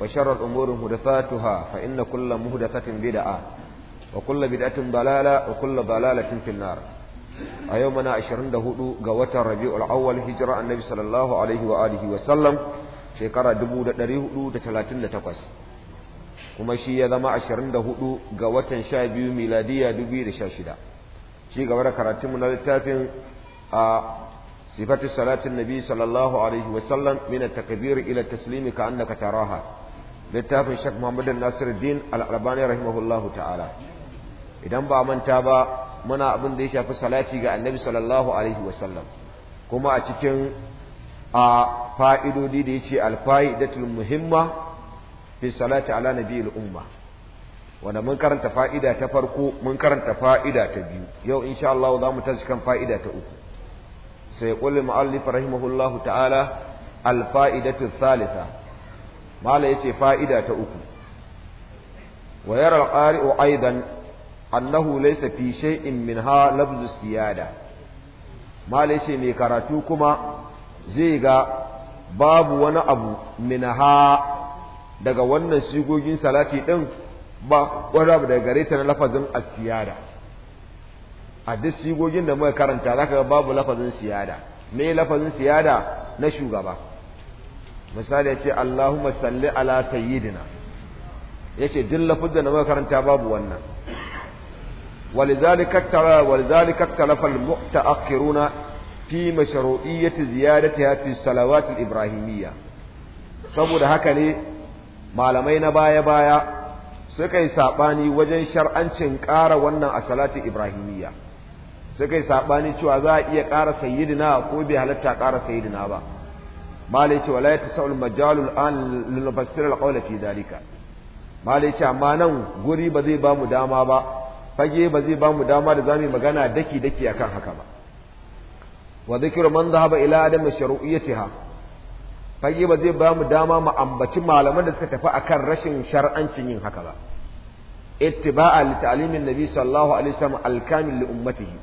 وشر الأمور مهدثاتها فإن كل مهدثة بدعة وكل بدعة ضلالة وكل ضلالة في النار أيومنا عشرين دهود قوة ربيع الأول هجرة النبي صلى الله عليه وآله وسلم شكرا دبو دريه دتلاتين تقص kuma shi ya zama ashirin da hudu ga watan sha biyu miladiya dubu da sha shida shi gaba da karatunmu na littafin a sifatu salatin nabi sallallahu alaihi wasallam min at ila taslimi ka annaka taraha littafin Sheikh muhammadu Nasiruddin Al-Albani rahimahullahu ta'ala idan ba manta ba muna abin da ya shafi salati ga Annabi sallallahu alaihi wasallam kuma a cikin a fa'idodi da ya al-fa'idatul muhimma fi salati ala nabiyil umma wanda mun karanta fa'ida ta farko mun karanta fa'ida ta biyu yau insha Allah za mu tashi kan fa'ida ta uku sai qul mu'allif rahimahullahu ta'ala alfa'idatu salita. thalitha mala yace fa'ida ta uku wa yara al-qari'u aidan annahu laysa fi shay'in minha labzu siyada mala yace mai karatu kuma zai ga babu wani abu minha daga wannan sigogin salati din ba wani abu daga gare ta na lafazin asiyada a duk sigogin da muka karanta zaka ga babu lafazin siyada me lafazin siyada na shugaba misali ya ce Allahumma salli ala sayyidina ya ce duk lafuzan da makaranta babu wannan ولذلك اختلف ولذلك اختلف المتأخرون في مشروعية زيادتها في الصلوات الإبراهيمية saboda haka ne malamai na baya-baya suka yi saɓani wajen shara'ancin ƙara wannan a salatin ibrahimiyya suka yi saɓani cewa za a iya ƙara sayyidina ko bai halatta ƙara sayyidina ba malai ce wala Sa'ul majalul an lil basir fi dalika malai ce amma nan guri ba zai ba mu dama ba fage ba zai ba mu dama da zamu magana daki daki akan haka ba wa dhikru man ba ila adam ha. fage ba zai ba mu dama mu ambaci malaman da suka tafi akan rashin shar'ancin yin haka ba ittiba'a li ta'limin nabi sallallahu alaihi wasallam al-kamil li ummatihi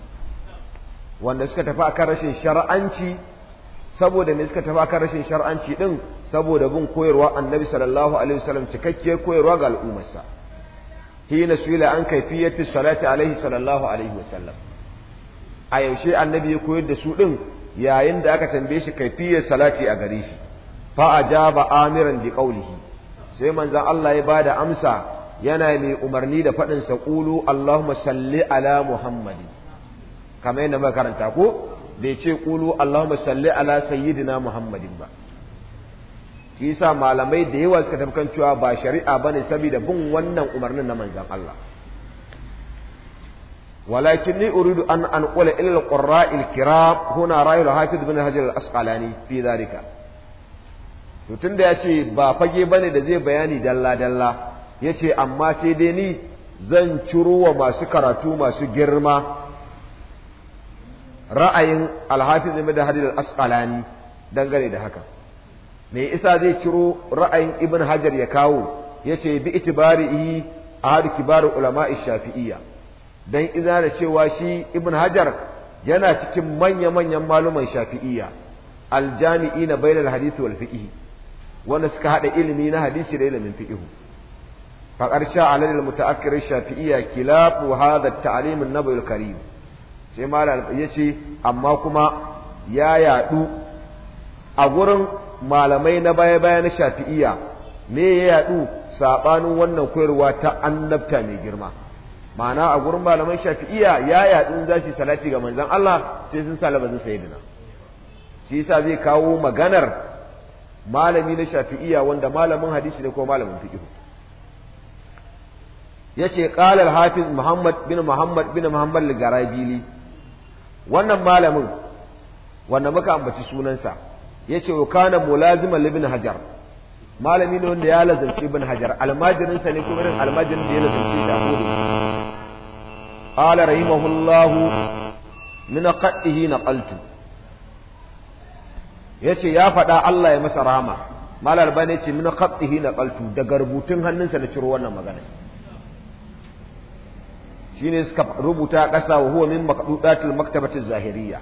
wanda suka tafi akan rashin shar'anci saboda me suka tafi akan rashin shar'anci din saboda bin koyarwa annabi sallallahu alaihi wasallam cikakkiyar koyarwa ga al'ummarsa hina suila an kaifiyatu salati alaihi sallallahu alaihi wasallam a yaushe annabi ya koyar da su din yayin da aka tambaye shi kaifiyar salati a gare shi fa ajaba amiran bi qawlihi sai manzon Allah ya bada amsa yana mai umarni da faɗin sa qulu allahumma salli ala muhammadin kamar yadda muka karanta ko bai ce ƙulu allahumma salli ala sayyidina muhammadin ba shi yasa malamai da yawa suka tabbakan cewa ba shari'a bane saboda bin wannan umarnin na manzan Allah walakin ni uridu an an qula ila alqurra'il kiram huna ra'ayul hafiz ibn hajar al-asqalani fi dhalika to tunda yace ba fage bane da zai bayani dalla dalla yace amma sai dai ni zan ciro wa masu karatu masu girma ra'ayin alhafiz ibn hajar al-asqalani dangane da haka me isa zai ciro ra'ayin ibn hajar ya kawo yace bi itibarihi ahadu kibar ulama'i shafi'iyya dan idan da cewa shi ibn hajar yana cikin manya manyan maluman shafi'iyya na bainal hadith wal fiqh wanda suka hada ilimi na hadisi da ilimin fiqh fa qarsha alal mutaakkir shafi'iyya kilafu hadha at-ta'lim an-nabawi al-karim sai malam ya ce amma kuma ya yadu a gurin malamai na baya-baya na shafi'iya me ya yaɗu sabanin wannan koyarwa ta annabta mai girma ma'ana a gurin malaman shafi'iya ya yadu za shi salati ga manzon Allah sai sun sa labazin sayyidina shi yasa zai kawo maganar malami na shafi'iya wanda malamin hadisi ne ko malamin fiqh yace qala al-hafiz Muhammad bin Muhammad bin Muhammad al-Garabili wannan malamin wanda muka ambaci sunansa ya ce wa kana mulaziman libin hajar malami ne wanda ya lazanci bin hajar almajirinsa ne kuma irin almajirin da ya lazanci da hudu ala rahimahullahu min qaddihi naqaltu yace ya faɗa Allah ya masa rahama malal bane ce min qaddihi naqaltu daga rubutun hannunsa na ciro wannan magana shine suka rubuta ƙasa wa huwa min maqdudatil maktabati zahiriya.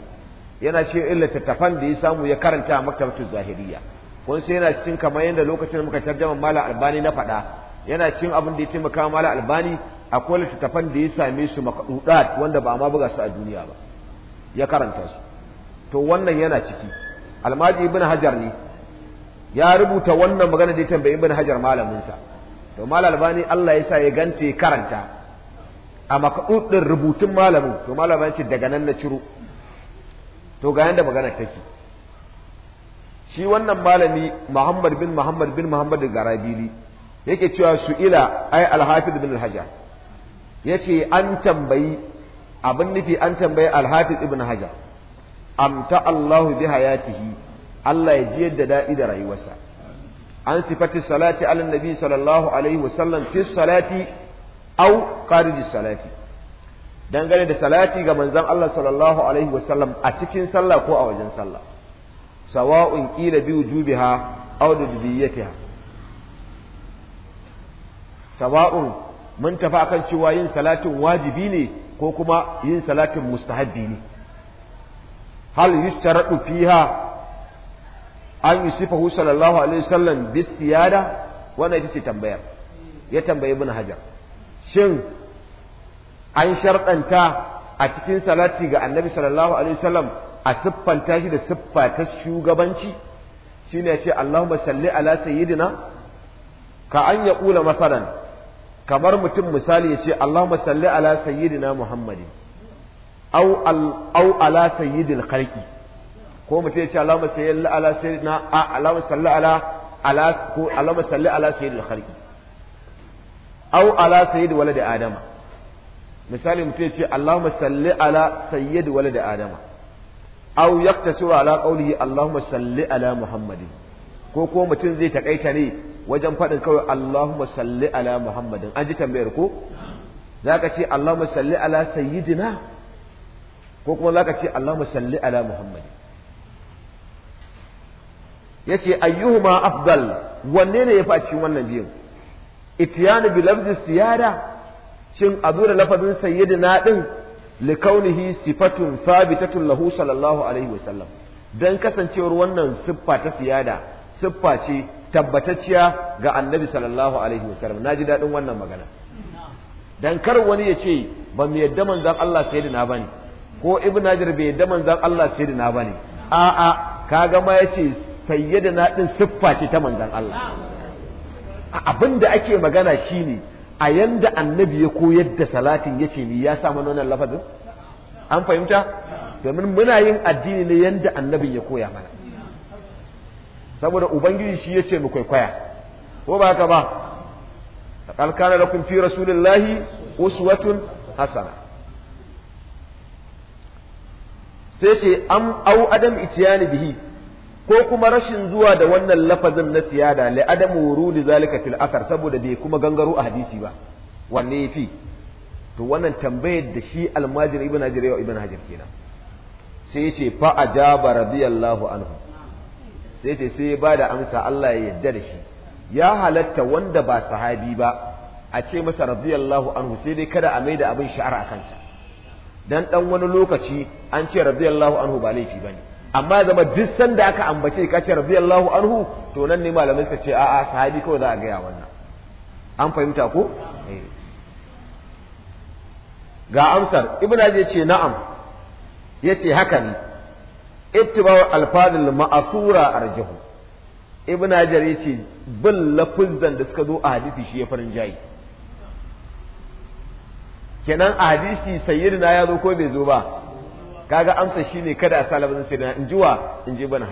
yana ce illa tattafan da ya samu ya karanta a maktabatu zahiriya. kun sai yana cikin kamar yadda lokacin muka tarjama mala albani na faɗa yana cikin abin da ya taimaka mala albani akwai littattafan da ya same su makaɗuɗat, wanda ba ma buga su a duniya ba ya karanta su to wannan yana ciki almaji ibn hajar ne ya rubuta wannan magana da ya tambayi ibn hajar malaminsa. to mala albani Allah ya sa ya gante karanta a makaɗu ɗin rubutun malamin to malamin ce daga nan na ciro to ga yanda maganar take shi wannan malami Muhammad bin Muhammad bin Muhammad Garabili yake cewa su'ila ai al bin al-Hajar yace an tambayi abin nufi an tambayi alhafiz ibn Hajar amta allahu bi hayatihi Allah ya ji yadda daɗi da rayuwarsa an sifati salati ala sallallahu alaihi wasallam fi salati au qaridi salati dangane da salati ga manzon Allah sallallahu alaihi wasallam a cikin sallah ko a wajen sallah sawa'un qila bi wujubiha aw dubbiyatiha sawa'un mun tafi akan cewa yin salatin wajibi ne ko kuma yin salatin mustahabbi ne hal yushtaradu fiha an yusifahu sallallahu alaihi wasallam bis siyada wannan ita ce tambayar ya tambayi ibn hajar shin an sharɗanta a cikin salati ga annabi sallallahu alaihi wasallam a siffanta shi da siffa ta shugabanci shine ya ce Allahumma salli ala sayyidina ka an ya kula masalan kamar mutum misali ya ce Allahumma salli ala sayyidina Muhammadin au ala sayyidil khalqi ko mutum ya ce Allahumma salli ala sayyidina Allahumma salli ala ala ko Allahumma salli ala sayyidil khalqi au ala sayyid walad adama misali mutum ya ce Allahumma salli ala sayyid walad adama au yaktasiru ala qawlihi Allahumma salli ala muhammadin ko kuma mutum zai takaita ne wajen faɗin kawai Allahumma salli ala muhammadin an ji tambayar ko za ka ce Allahumma salli ala sayyidina ko kuma za ka ce Allahumma salli ala muhammadin ya ce ayyuhuma afdal wanne ne ya fi a cikin wannan biyun itiyanu bi lafzi siyada shin a da lafazin sayyidina din likaunihi sifatun sabitatun lahu sallallahu alaihi sallam dan kasancewar wannan siffa ta siyada siffa ce tabbatacciya ga annabi sallallahu alaihi sallam naji dadin wannan magana dan kar wani ya ce ba mu yadda manzon Allah sayyidina bane ko ibn najir bai yadda manzon Allah sayyidina bane a'a kaga ma yace sayyidina din siffa ce ta manzon Allah abin da ake magana shine a yanda annabi ya koyar da salatin ya ce ni ya sa mana wannan lafazin an fahimta domin muna yin addini ne yanda annabin ya koya mana saboda ubangiji shi ya ce mu kwaikwaya ko ba haka ba alkana lakum fi rasulillahi uswatun hasana sai ce an au adam itiyani bihi ko kuma rashin zuwa da wannan lafazin na siyada la adamu wurudi zalika fil athar saboda bai kuma gangaro a hadisi ba wanne yafi to wannan tambayar da shi almajiri ibn hajar yau ibn hajar kenan sai yace fa ajaba radiyallahu anhu sai yace sai ba da amsa Allah ya yarda da shi ya halatta wanda ba sahabi ba a ce masa radiyallahu anhu sai dai kada a maida abin sha'ara a kansa dan dan wani lokaci an ce radiyallahu anhu ba laifi bane amma zama duk sanda aka ambace ka ce radiyallahu anhu to nan ne malamai suka ce a'a sahabi kawai za a gaya wannan an fahimta ko eh. ga amsar ibn ya ce na'am ya ce haka ne ittiba'u alfadil ma'thura arjahu ibn hajar ce bin lafuzan da suka zo a hadisi shi ya farin jayi kenan a hadisi sayyidina ya zo ko bai zo ba kaga amsa shi ne kada a sa lafazin na, in jiwa in ji ibn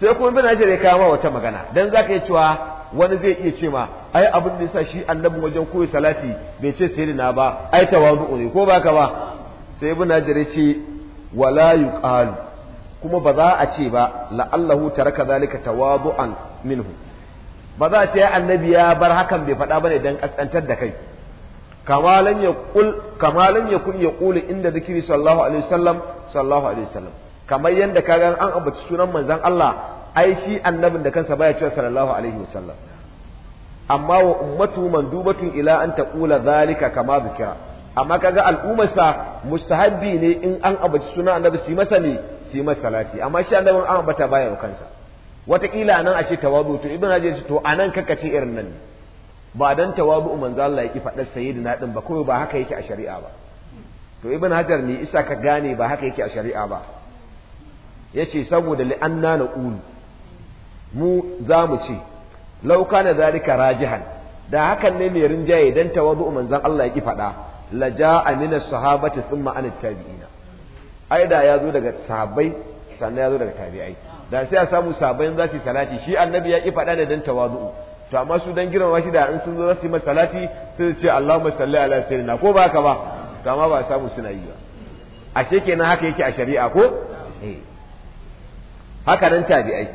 sai kuma ibn hajar ya kawo wata magana dan zaka yi cewa wani zai iya cewa ma ai abin da yasa shi annabi wajen koyi salati bai ce sai na ba ai tawadu ne ko ba ka ba sai ibn ya ce wala yuqalu kuma ba za a ce ba la'allahu taraka zalika tawadu'an minhu ba za a ce annabi ya bar hakan bai faɗa bane dan kaskantar da kai kamalan ya kul kamalan ya kun ya kula inda zikiri sallallahu alaihi wasallam sallallahu alaihi wasallam kamar yanda kaga an ambaci sunan manzon Allah ai shi annabin da kansa baya cewa sallallahu alaihi wasallam amma wa ummatu mandubatun ila an taqula zalika kama zikira amma kaga al'ummarsa mustahabbi ne in an ambaci sunan annabi su masa ne su masa salati amma shi annabin an ambata baya kansa wataƙila nan a ce tawadu to ibn hajar to anan kaka irin nan ne ba dan tawabu manzo Allah yake faɗar sayyidina din ba Kuma ba haka yake a shari'a ba to ibn hajar ne isa ka gane ba haka yake a shari'a ba yace saboda li anna naqul mu za mu ce law kana zalika rajihan da hakan ne mai rinjaye dan tawabu manzo Allah yake faɗa la ja'a min as-sahabati thumma an at-tabi'ina ai da ya daga sahabbai sannan ya daga tabi'ai da sai a samu sahabbai za salati shi annabi ya ki faɗa ne dan tawazu to amma su dan girma shi da in sun zo za su yi masalati sai su ce Allahumma salli ala sayyidina ko ba ka ba to amma ba samu suna yi ba ashe kenan haka yake a shari'a ko eh haka nan tabi'ai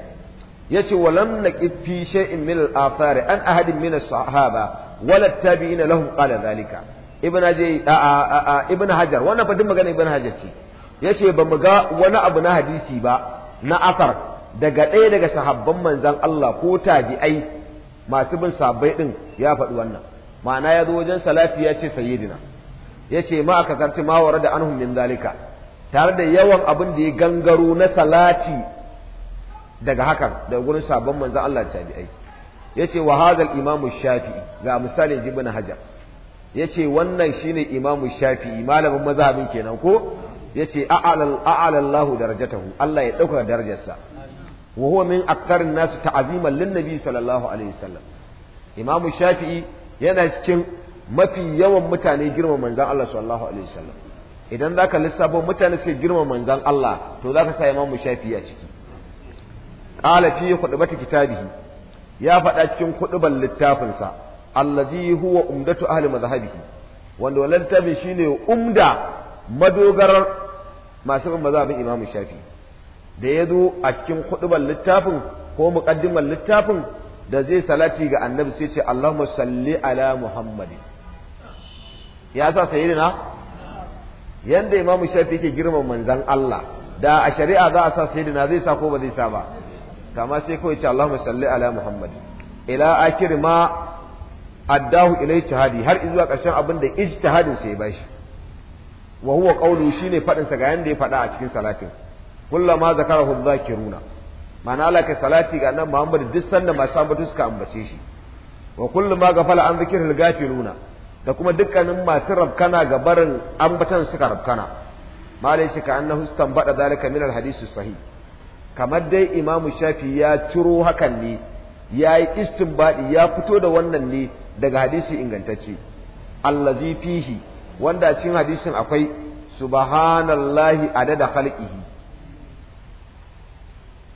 yace walam naqib fi shay'in min al-athari an ahadin min as-sahaba wala tabi'ina lahum qala dhalika ibn ajay ibn hajar wannan fa duk magana ibn hajar ce yace ba mu ga wani abu na hadisi ba na asar daga ɗaya daga sahabban manzan Allah ko tabi'ai masu bin sabai ɗin ya faɗi wannan ma'ana ya zo wajen salafi ya ce sayidina, ya ce ma aka karci ma da anhum min zalika tare da yawan abin da ya gangaro na salati daga hakan daga gurin sabon manzon Allah tabi'ai yace wa hadal imam shafi'i ga misali ibn hajar yace wannan shine imam shafi'i malamin mazhabin kenan ko yace a'ala a'ala Allahu darajatahu Allah ya dauka darajarsa wa huwa min aktarin nasu ta'aziman linnabi sallallahu alaihi wasallam imam shafi'i yana cikin mafi yawan mutane girma manzan Allah sallallahu alaihi wasallam idan zaka lissafo mutane suke girma manzan Allah to zaka sa imam shafi'i a ciki qala fi khutbati kitabihi ya faɗa cikin khutban littafinsa allazi huwa umdatu ahli madhhabihi wanda wannan littafin shine umda madogarar masu bin mazhabin imam shafi'i da ya zo a cikin hudubar littafin ko muqaddimar littafin da zai salati ga annabi sai ce Allahumma salli ala Muhammadin ya sa na yanda Imam Shafi yake girman manzon Allah da a shari'a za a sa na zai sa ko ba zai sa ba kama sai kawai ce Allahumma salli ala Muhammadin ila akir ma addahu ilai tahadi har zuwa ƙarshen abin da ijtihadin sai ya bashi wa huwa qawlu shine fadin sa ga yanda ya faɗa a cikin salatin kullama zakarahu runa. ma'ana ala kai salati ga nan Muhammad duk sanda masu ambatu suka ambace shi wa kullu ma gafala an zikril gafiluna da kuma dukkanin masu rabkana ga barin ambatan suka rabkana malai shi ka hustan baɗa dalika min hadisi sahih kamar dai Imam Shafi ya ciro hakan ne ya yi istinbadi ya fito da wannan ne daga hadisi ingantacce allazi fihi wanda cikin hadisin akwai subhanallahi adada khalqihi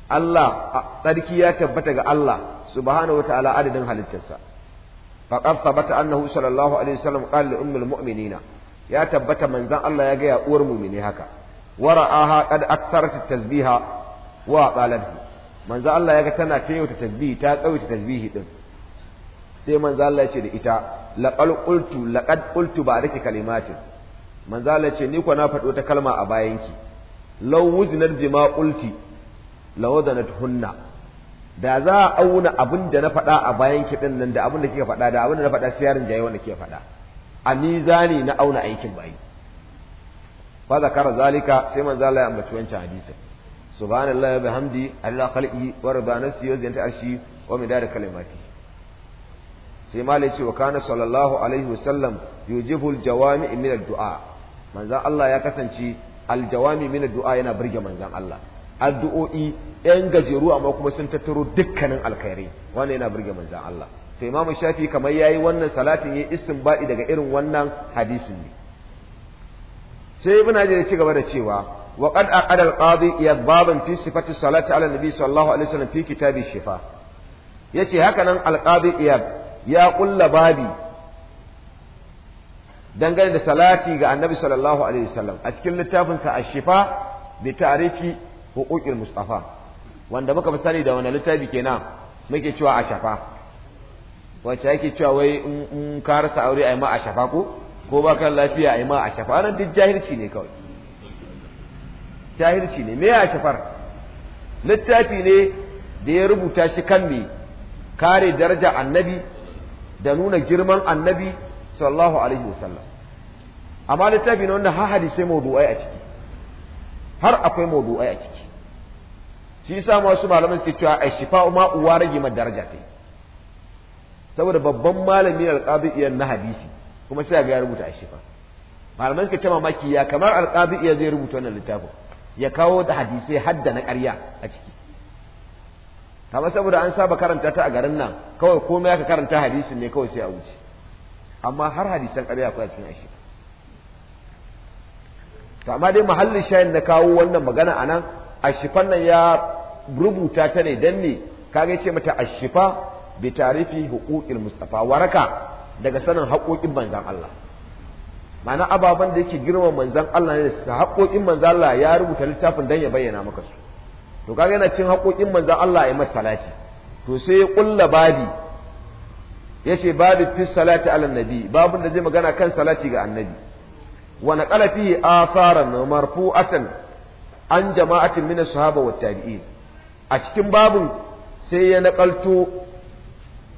Allah tsarki ya tabbata ga Allah subhanahu ta'ala adadin halittarsa faqad sabata annahu sallallahu alaihi wasallam qala li ummul mu'minina ya tabbata manzon Allah ya ga ya uwar mu'mini haka wa ra'aha qad aktharat tasbiha wa qalat manzon Allah ya ga tana tayauta tasbihi ta tsawaita tasbihi din sai manzon Allah ya ce da ita laqad qultu laqad qultu bariki kalimatin manzon Allah ya ce ni ko na faɗo ta kalma a bayanki law wuzinat bima qulti lawadanat hunna da za a auna abin da na faɗa a bayan kiɗin nan da abin da kika faɗa da abin da na faɗa sai yarin jaye wanda kika faɗa a mizani na auna aikin bayi fa zakara zalika sai manzo Allah ya ambaci wancan hadisi subhanallahi wa bihamdi alla khalqi wa rida nafsi wa zinta arshi wa midada kalimati sai malai ce wa kana sallallahu alaihi wasallam yujibul jawami min du'a, manzan Allah ya kasance aljawami min du'a yana burge manzan Allah addu'o'i yan gajeru amma kuma sun tattaro dukkanin alkhairi, wannan yana burge manzan Allah to imamu shafi kamar ya yi wannan salatin ya yayi istinbadi daga irin wannan hadisin ne sai ibn hajar ya ci gaba da cewa wa qad aqada al-qadi yadbaban fi sifati salati ala nabi sallallahu alaihi wasallam fi shifa yace haka nan al-qadi iyab ya kulla babi dangane da salati ga annabi sallallahu alaihi wasallam a cikin littafinsa a shifa bi ta'rifi huquqil mustafa wanda muka misali da wani littafi kenan muke cewa a shafa wacce ake cewa wai in ka rasa aure a yi ma a shafa ko ko ba kan lafiya a yi ma a shafa wannan duk jahilci ne kawai jahilci ne me a shafar littafi ne da ya rubuta shi kan me kare daraja annabi da nuna girman annabi sallallahu alaihi wasallam amma littafi ne wanda har hadisai mawdu'ai a ciki har akwai maudu'ai a ciki shi yasa wasu malaman suke cewa ai shifa ma uwa rage ma daraja ta saboda babban malami alqabi'iyan na hadisi kuma sai ga ya rubuta ai shifa malaman suke ta mamaki ya kamar alqabi'iya zai rubuta wannan littafin ya kawo da hadisai hadda na ƙarya a ciki kama saboda an saba karanta ta a garin nan kawai komai aka karanta hadisin ne kawai sai a wuce amma har hadisan ƙarya akwai a cikin ai shifa to amma dai mahallin shayin na kawo wannan magana a anan ashifan nan ya rubuta ta ne dan ne kaga ce mata ashifa bi tarifi huƙuƙin mustafa waraka daga sanin haƙoƙin manzan Allah ma'ana ababen da yake girma manzan Allah ne da haƙoƙin manzan Allah ya rubuta littafin dan ya bayyana maka su to kaga yana cin haƙoƙin manzan Allah ya masa salati to sai ya ƙulla babi yace babu fi salati ala nabi babun da zai magana kan salati ga annabi wa naqala fihi atharan marfu'atan an jama'atin min as-sahaba wat tabi'in a cikin babun sai ya nakalto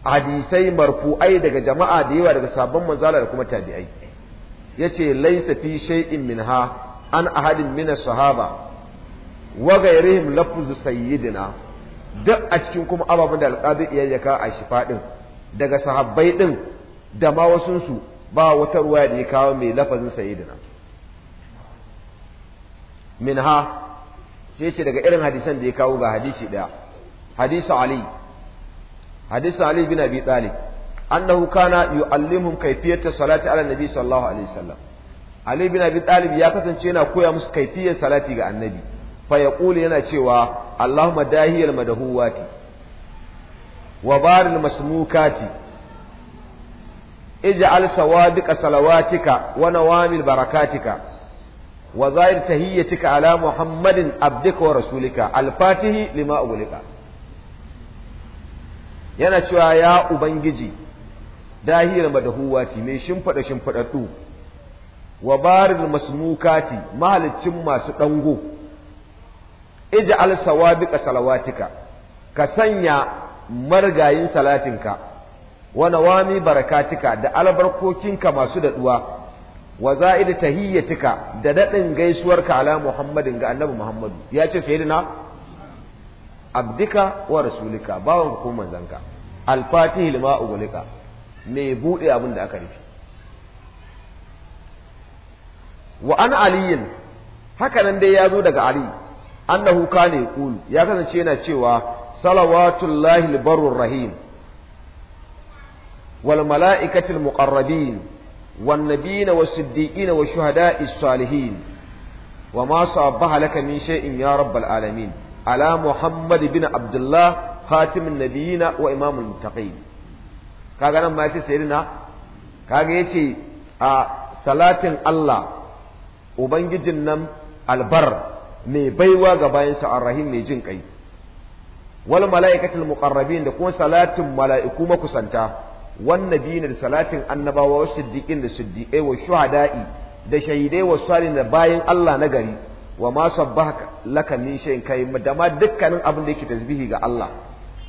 hadisai marfu'ai daga jama'a da yawa daga sabon manzala da kuma tabi'ai yace laysa fi shay'in minha an ahadin min as-sahaba wa ghayrihim lafzu sayyidina duk a cikin kuma ababen da alqabi ya a shi daga sahabbai din da ma wasunsu ba wata ruwaya da ya kawo mai lafazin sayidina min ha sai ce daga irin hadisan da ya kawo ga hadisi ɗaya hadisu ali hadisu ali bin abi talib annahu kana yu'allimuhum kayfiyata salati ala nabi sallallahu alaihi wasallam ali bin abi talib ya kasance yana koya musu kaifiyar salati ga annabi fa yaqulu yana cewa allahumma dahiyal madahuwati wa baril masmukati اجعل sawabiqa salawatika wa nawamil barakatika تهيتك على محمد ala muhammadin الفاتح لما rasulika yana cewa ya ubangiji dahira madahuwati mai shimfada shimfadaddu wa baril masmukati mahalicin masu dango ij'al sawabiqa salawatika ka sanya margayin salatinka wa nawami barakatika da albarkokinka masu daɗuwa wa za'id tahiyyatika da daɗin gaisuwarka ala muhammadin ga annabi muhammadu ya ce sayyidina abdika wa rasulika bawanka ko manzanka al-fatih lima ugulika me buɗe abin da aka rufe wa an aliyin haka nan dai ya zo daga ali annahu kana yaqul ya kasance yana cewa salawatullahi al-barur rahim wal mala'ikatil muqarrabin wan nabiyina was siddiqina wash shuhada'is salihin wa ma sabaha laka min shay'in ya rabbal alamin ala muhammad bin abdullah khatimin nabiyina wa imamul muttaqin kaga nan ma yace sayyidina kaga yace a salatin Allah ubangijin nan albar mai baiwa ga bayansa rahim mai jin kai wal mala'ikatul da kuma salatin mala'iku makusanta wan nabiyina da salatin annabawa wa siddiqin da siddiqai wa shuhada'i da shahidai wa salin da bayin Allah na gari wa ma sabbahaka laka min shay'in kai da ma dukkanin abin da yake tasbihi ga Allah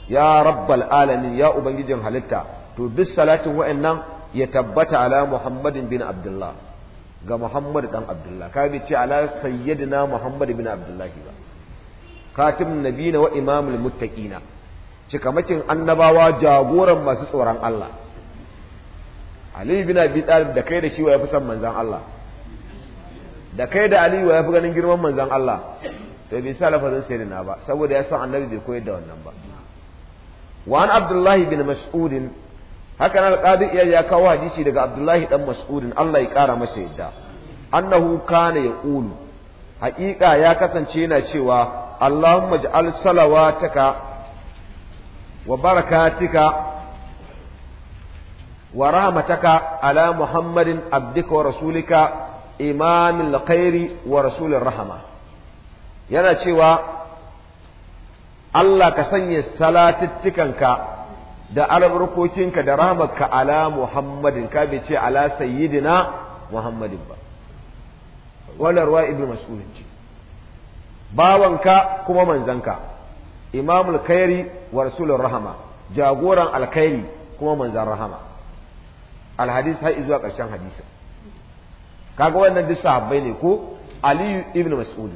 ya rabbal alamin ya ubangijin halitta to duk salatin wa'annan ya tabbata ala muhammadin bin abdullah ga muhammad dan abdullah ka bi ce ala sayyidina muhammad bin abdullah ba katim nabina wa imamul muttaqina cikamakin annabawa jagoran masu tsoron Allah Ali bin Abi Talib da kai da shi wa yafi son manzon Allah da kai da Ali wa yafi ganin girman manzon Allah to bai sa lafazin na ba saboda ya san annabi bai koyar da wannan ba wa an Abdullahi bin Mas'ud haka nan al-Qadi ya kawo hadisi daga Abdullahi dan Mas'ud Allah ya kara masa yadda annahu kana yaqulu haƙiƙa ya kasance yana cewa Allahumma ij'al salawataka وبركاتك ورحمتك على محمد عبدك ورسولك إمام الخير ورسول الرحمة yana cewa Allah ka sanya salatittikanka da albarkokinka da rahmarka ala Muhammadin ka bai ce ala sayyidina Muhammadin ba wannan ruwa ibnu mas'ulin ce bawanka kuma manzanka imamul khairi wa rasulur rahama jagoran alkhairi kuma manzan rahama alhadis har zuwa ƙarshen hadisin kaga wannan duk sahabbai ne ko aliyu ibn mas'ud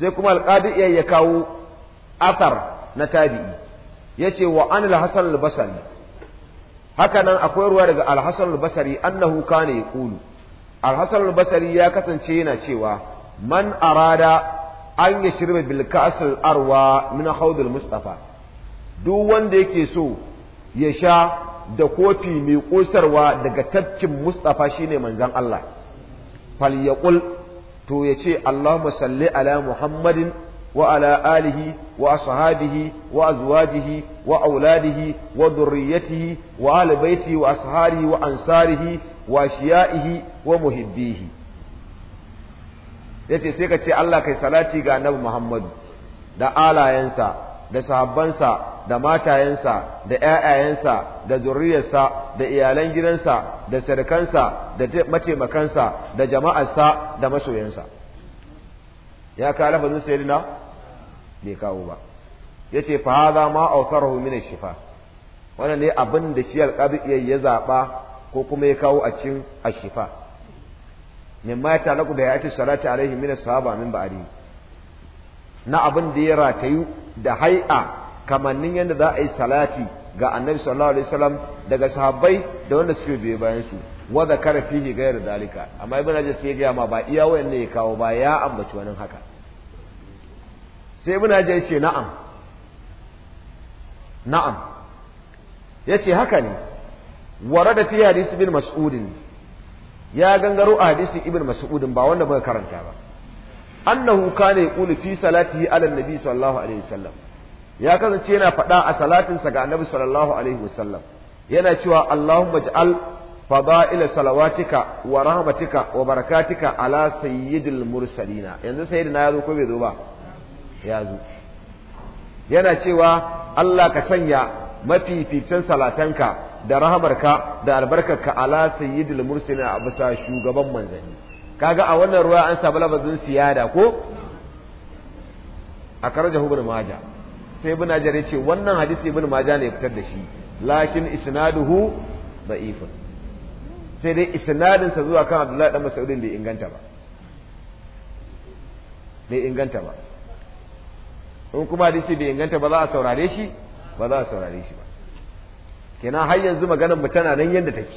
sai kuma alqadi iya ya kawo athar na tabi'i yace wa an al-hasan al-basri haka nan akwai ruwa daga al-hasan al-basri annahu kana yaqulu al-hasan al-basri ya kasance yana cewa man arada an ya shirme bilkasar arwa min haudul mustafa duk wanda yake so ya sha da kofi mai kusarwa daga tafkin mustafa shine manzan Allah Fal falyaqul to ya ce Allahumma salli ala Muhammadin wa ala alihi wa ashabihi wa azwajihi wa auladihi wa dhurriyyatihi wa ahli wa asharihi wa ansarihi wa shiyaihi wa muhibbihi ya ce sai ka ce Allah kai salati ga annabi Muhammadu da alayensa da sahabbansa da matayensa da ƴaƴayensa da zurriyarsa da iyalan gidansa da sarkansa da mataimakansa da jama'arsa da masoyansa ya ka lafazin sayyidina bai kawo ba yace fa haza ma awsarahu min shifa wannan ne abin da shi alqabi ya zaɓa ko kuma ya kawo a cikin ashifa mimma ya talaku da ayati salati alaihi min sahaba min ba'di na abin da ya ratayu da hai'a kamannin yadda za a yi salati ga annabi sallallahu alaihi wasallam daga sahabbai da wanda suke biye bayan su wa zakara fihi ghayr dalika amma ibn hajar sai ya ma ba iya wayan ne ya kawo ba ya ambaci wani haka sai ibn hajar ce na'am na'am yace haka ne warada fi hadisi bin mas'udin ya gangaro a hadisin ibn mas'udin ba wanda muka karanta ba annahu kana yaqulu fi salatihi ala nabi sallallahu alaihi wasallam ya kasance yana faɗa a salatinsa ga nabi sallallahu alaihi wasallam yana cewa allahumma ja'al fada'ila salawatika wa rahmatika wa barakatika ala sayyidil mursalina yanzu sayyidina ya zo ko bai zo ba ya yana cewa Allah ka sanya mafificin salatanka da rahamarka da albarkarka ala sayyidul mursalin a bisa shugaban manzanni kaga a wannan ruwa an samu lafazin siyada ko a karaja ibn maja sai ibn hajar ya ce wannan hadisi ibn maja ne fitar da shi lakin isnaduhu da'ifun sai dai isnadin sa zuwa kan abdullahi dan mas'udin bai inganta ba bai inganta ba in kuma hadisi bai inganta ba za a saurare shi ba za a saurare shi ba kenan har yanzu maganar mu tana nan yadda take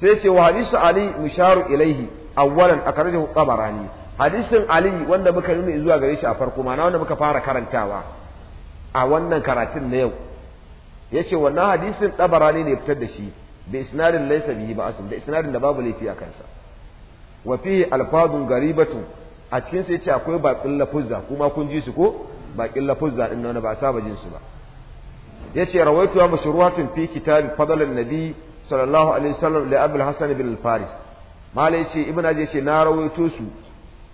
sai ce wa hadisu ali musharu ilaihi awwalan akarje qabarani hadisin ali wanda muka nuna zuwa gare shi a farko ma na wanda muka fara karantawa a wannan karatun na yau yace wannan hadisin qabarani ne fitar da shi bi isnadin laysa bihi ba asin da isnadin da babu laifi a kansa wa fihi alfadun garibatu a cikin sai yace akwai baƙin lafuzza kuma kun ji su ko baƙin lafuzza din nan ba saba jin su ba yace rawaitu ya mashruhatun fi kitab fadl an-nabi sallallahu alaihi wasallam li abul hasan bin al faris malai yace ibnu aje yace na rawaito su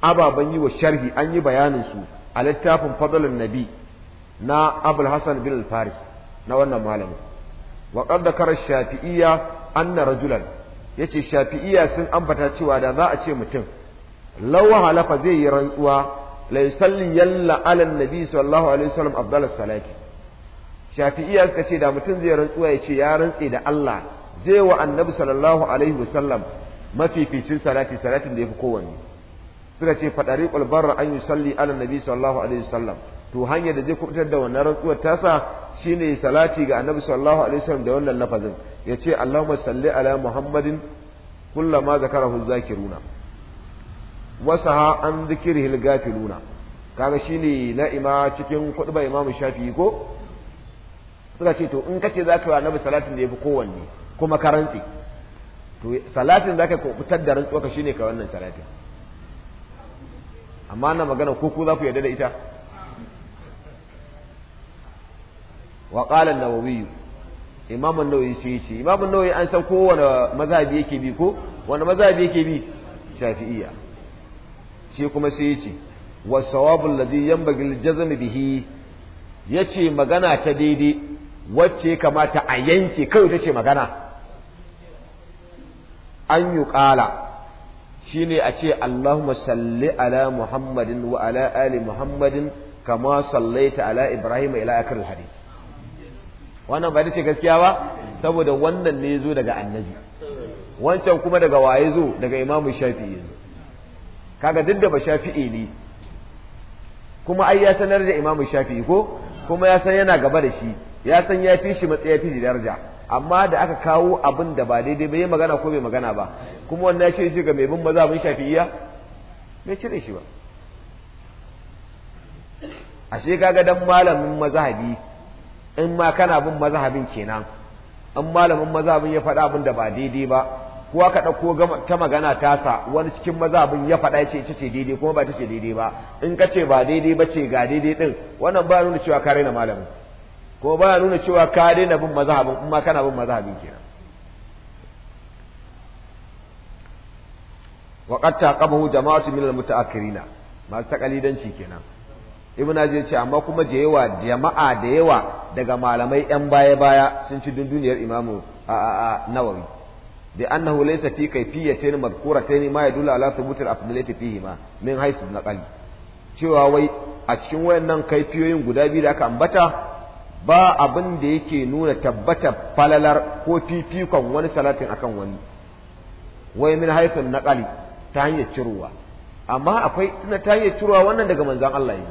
ababan yi wa sharhi an yi bayanin su a littafin fadl an-nabi na abul hasan bin al faris na wannan malamin wa qad dakara shafi'iyya anna rajulan yace shafi'iyya sun ambata cewa da za a ce mutum lawa halafa zai yi rantsuwa la yusalli yalla ala nabi sallallahu alaihi wasallam afdalus salati shafi'iya suka ce da mutum zai rantsuwa ya ce ya rantse da Allah zai wa annabi sallallahu alaihi wasallam mafificin salati salatin da ya fi kowanne suka ce fadari kulbarra an yusalli ala nabi sallallahu alaihi wasallam to hanyar da zai kubutar da wannan rantsuwar tasa shine salati ga annabi sallallahu alaihi wasallam da wannan lafazin ya ce allahumma salli ala muhammadin kullama zakarahu zakiruna wasaha an zikirihil gafiluna kaga shine na Na'ima cikin ba imamu shafi'i ko suka ce to in kace za ka yi annabi salatin da ya fi kowanne kuma ka rantse to salatin za ka fitar da rantsuwa shi ne ka wannan salatin amma na magana ko ku za ku yarda da ita wa qala an-nawawi imam an-nawawi shi shi imam an-nawawi an san kowane mazhabi yake bi ko wani mazhabi yake bi shafi'iyya shi kuma sai yace wa sawabu alladhi yanbaghi al-jazm bihi yace magana ta daidai wacce ya kamata a yanke kawai ta ce magana an yi ƙala shi ne a ce Allahumma salli ala Muhammadin wa ala ali Muhammadin kama sallaita ala Ibrahim ila akar hadis wannan ba ce gaskiya ba saboda wannan ne zo daga annabi wancan kuma daga waye zo daga imamu shafi'i zo kaga duk da ba shafi'i ne kuma ai ya sanar da imamu shafi'i ko kuma ya san yana gaba da shi ya san ya fi shi matsayi ya fi shi daraja amma da aka kawo abin da ba daidai bai magana ko bai magana ba kuma wannan ya ce shi ga mai bin maza bin shafi'iyya bai cire shi ba ashe kaga dan malamin mazhabi in ma kana bin mazhabin kenan in malamin mazhabin ya faɗa abin da ba daidai ba ko aka ɗauko ta magana tasa wani cikin mazhabin ya faɗa ya ce ita ce daidai kuma ba ta ce daidai ba in ka ce ba daidai ba ce ga daidai din wannan ba nuna cewa ka raina malamin ko baya nuna cewa ka daina bin mazhabin kuma ma kana bin mazhabin kenan wa qad taqabahu jama'atu min al ma masu kalidanci kenan ibn ya ce amma kuma da yawa jama'a da yawa daga malamai yan baya baya sun ci dunduniyar imamu a nawawi da annahu laysa fi kayfiyatin madhkuratayn ma yadullu ala thubutil afdaliyati fihima min haythu naqali cewa wai a cikin wayannan kaifiyoyin guda biyu da aka ambata ba abin da yake nuna tabbata falalar ko fifikon wani salatin akan wani wai min haifin naƙali ta hanyar cirowa amma akwai tuna ta hanyar cirowa wannan daga manzan Allah yi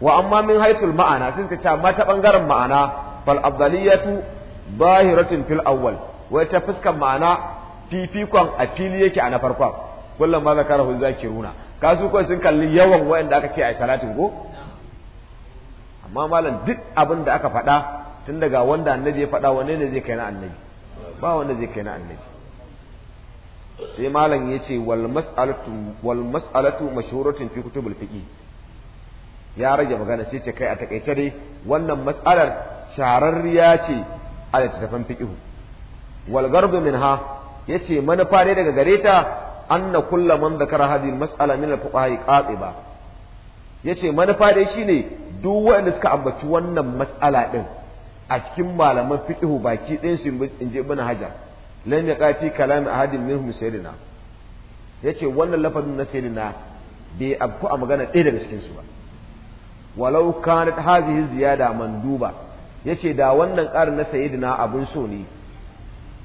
wa amma min haifin ma'ana sun ta ce amma ta ɓangaren ma'ana fal afdaliyatu zahiratun fil awwal wai ta fuskan ma'ana fifikon a fili yake a na farkon kullum ma zakarahu zakiruna kasu kawai sun kalli yawan waɗanda aka ce a salatin ko amma malam duk abin da aka faɗa tun daga wanda annabi ya faɗa wanne ne zai kai na annabi ba wanda zai kai na annabi sai malam ya ce wal mas'alatu mashuratin fi kutubul fiqi ya rage magana sai ce kai a takaice dai wannan mas'alar shararriya ce a littattafan fiqihu wal garbu minha yace manufa dai daga gare ta anna kullu man dhakara hadhihi al mas'ala min al fuqaha qatiba yace manufa dai shine duk waɗanda suka ambaci wannan matsala ɗin a cikin malaman fiqhu baki din su in je ibn hajar lan yaqati kalam ahadin minhum sayyidina yace wannan lafazin na sayyidina bai abku a magana ɗaya daga cikin su ba walau kanat hadhihi ziyada manduba yace da wannan ƙarin na sayyidina abun so ne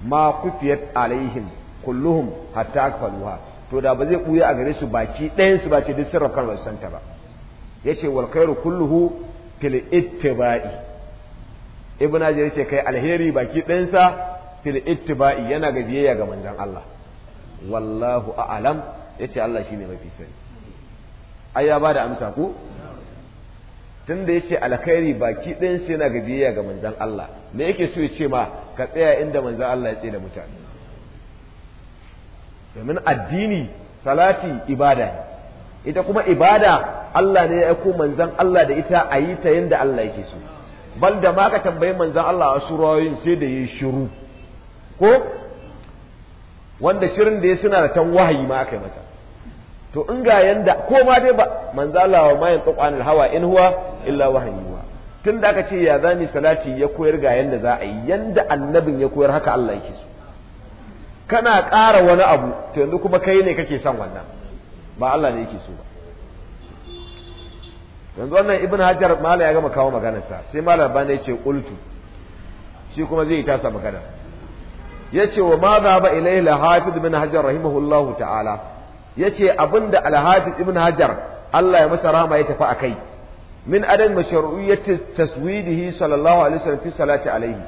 ma kufiyat alaihim kulluhum hatta akfaluha to da ba zai buya a gare su baki ɗayan su ba ce duk sirrin kan ba yace wal khairu kulluhu fil ittiba'i ibn ajir yace kai alheri baki ɗansa fil ittiba'i yana ga biyayya ga manzon Allah wallahu a'lam yace Allah shine mafi sani ai ya bada amsa ko tunda yace alkhairi baki ɗayan sai yana ga biyayya ga manzon Allah me yake so ya ce ma ka tsaya inda manzon Allah ya tsaya da mutane domin addini salati ibada ne ita kuma ibada Allah ne ya aiko manzan Allah da ita a yi ta yadda Allah yake so bal da ma ka tambayi manzan Allah a surayoyin sai da yayi shiru ko wanda shirin da ya suna da tan wahayi ma aka yi mata to in ga yanda ko ma dai ba manzan Allah wa mayan tsakwanin hawa in huwa illa wahayi wa tun da aka ce ya zani salati ya koyar ga yanda za a yi yanda annabin ya koyar haka Allah yake so kana ƙara wani abu to yanzu kuma kai ne kake son wannan ba Allah ne yake so ba yanzu wannan ibn hajar mala ya gama kawo maganarsa sai mala bane ce qultu shi kuma zai tasa magana yace wa ma za ba ibn hajar rahimahullahu ta'ala yace abin da Alhafi ibn hajar Allah ya masa rama ya tafi kai. min adam mashru'iyyati taswidihi sallallahu alaihi wasallam fi salati alaihi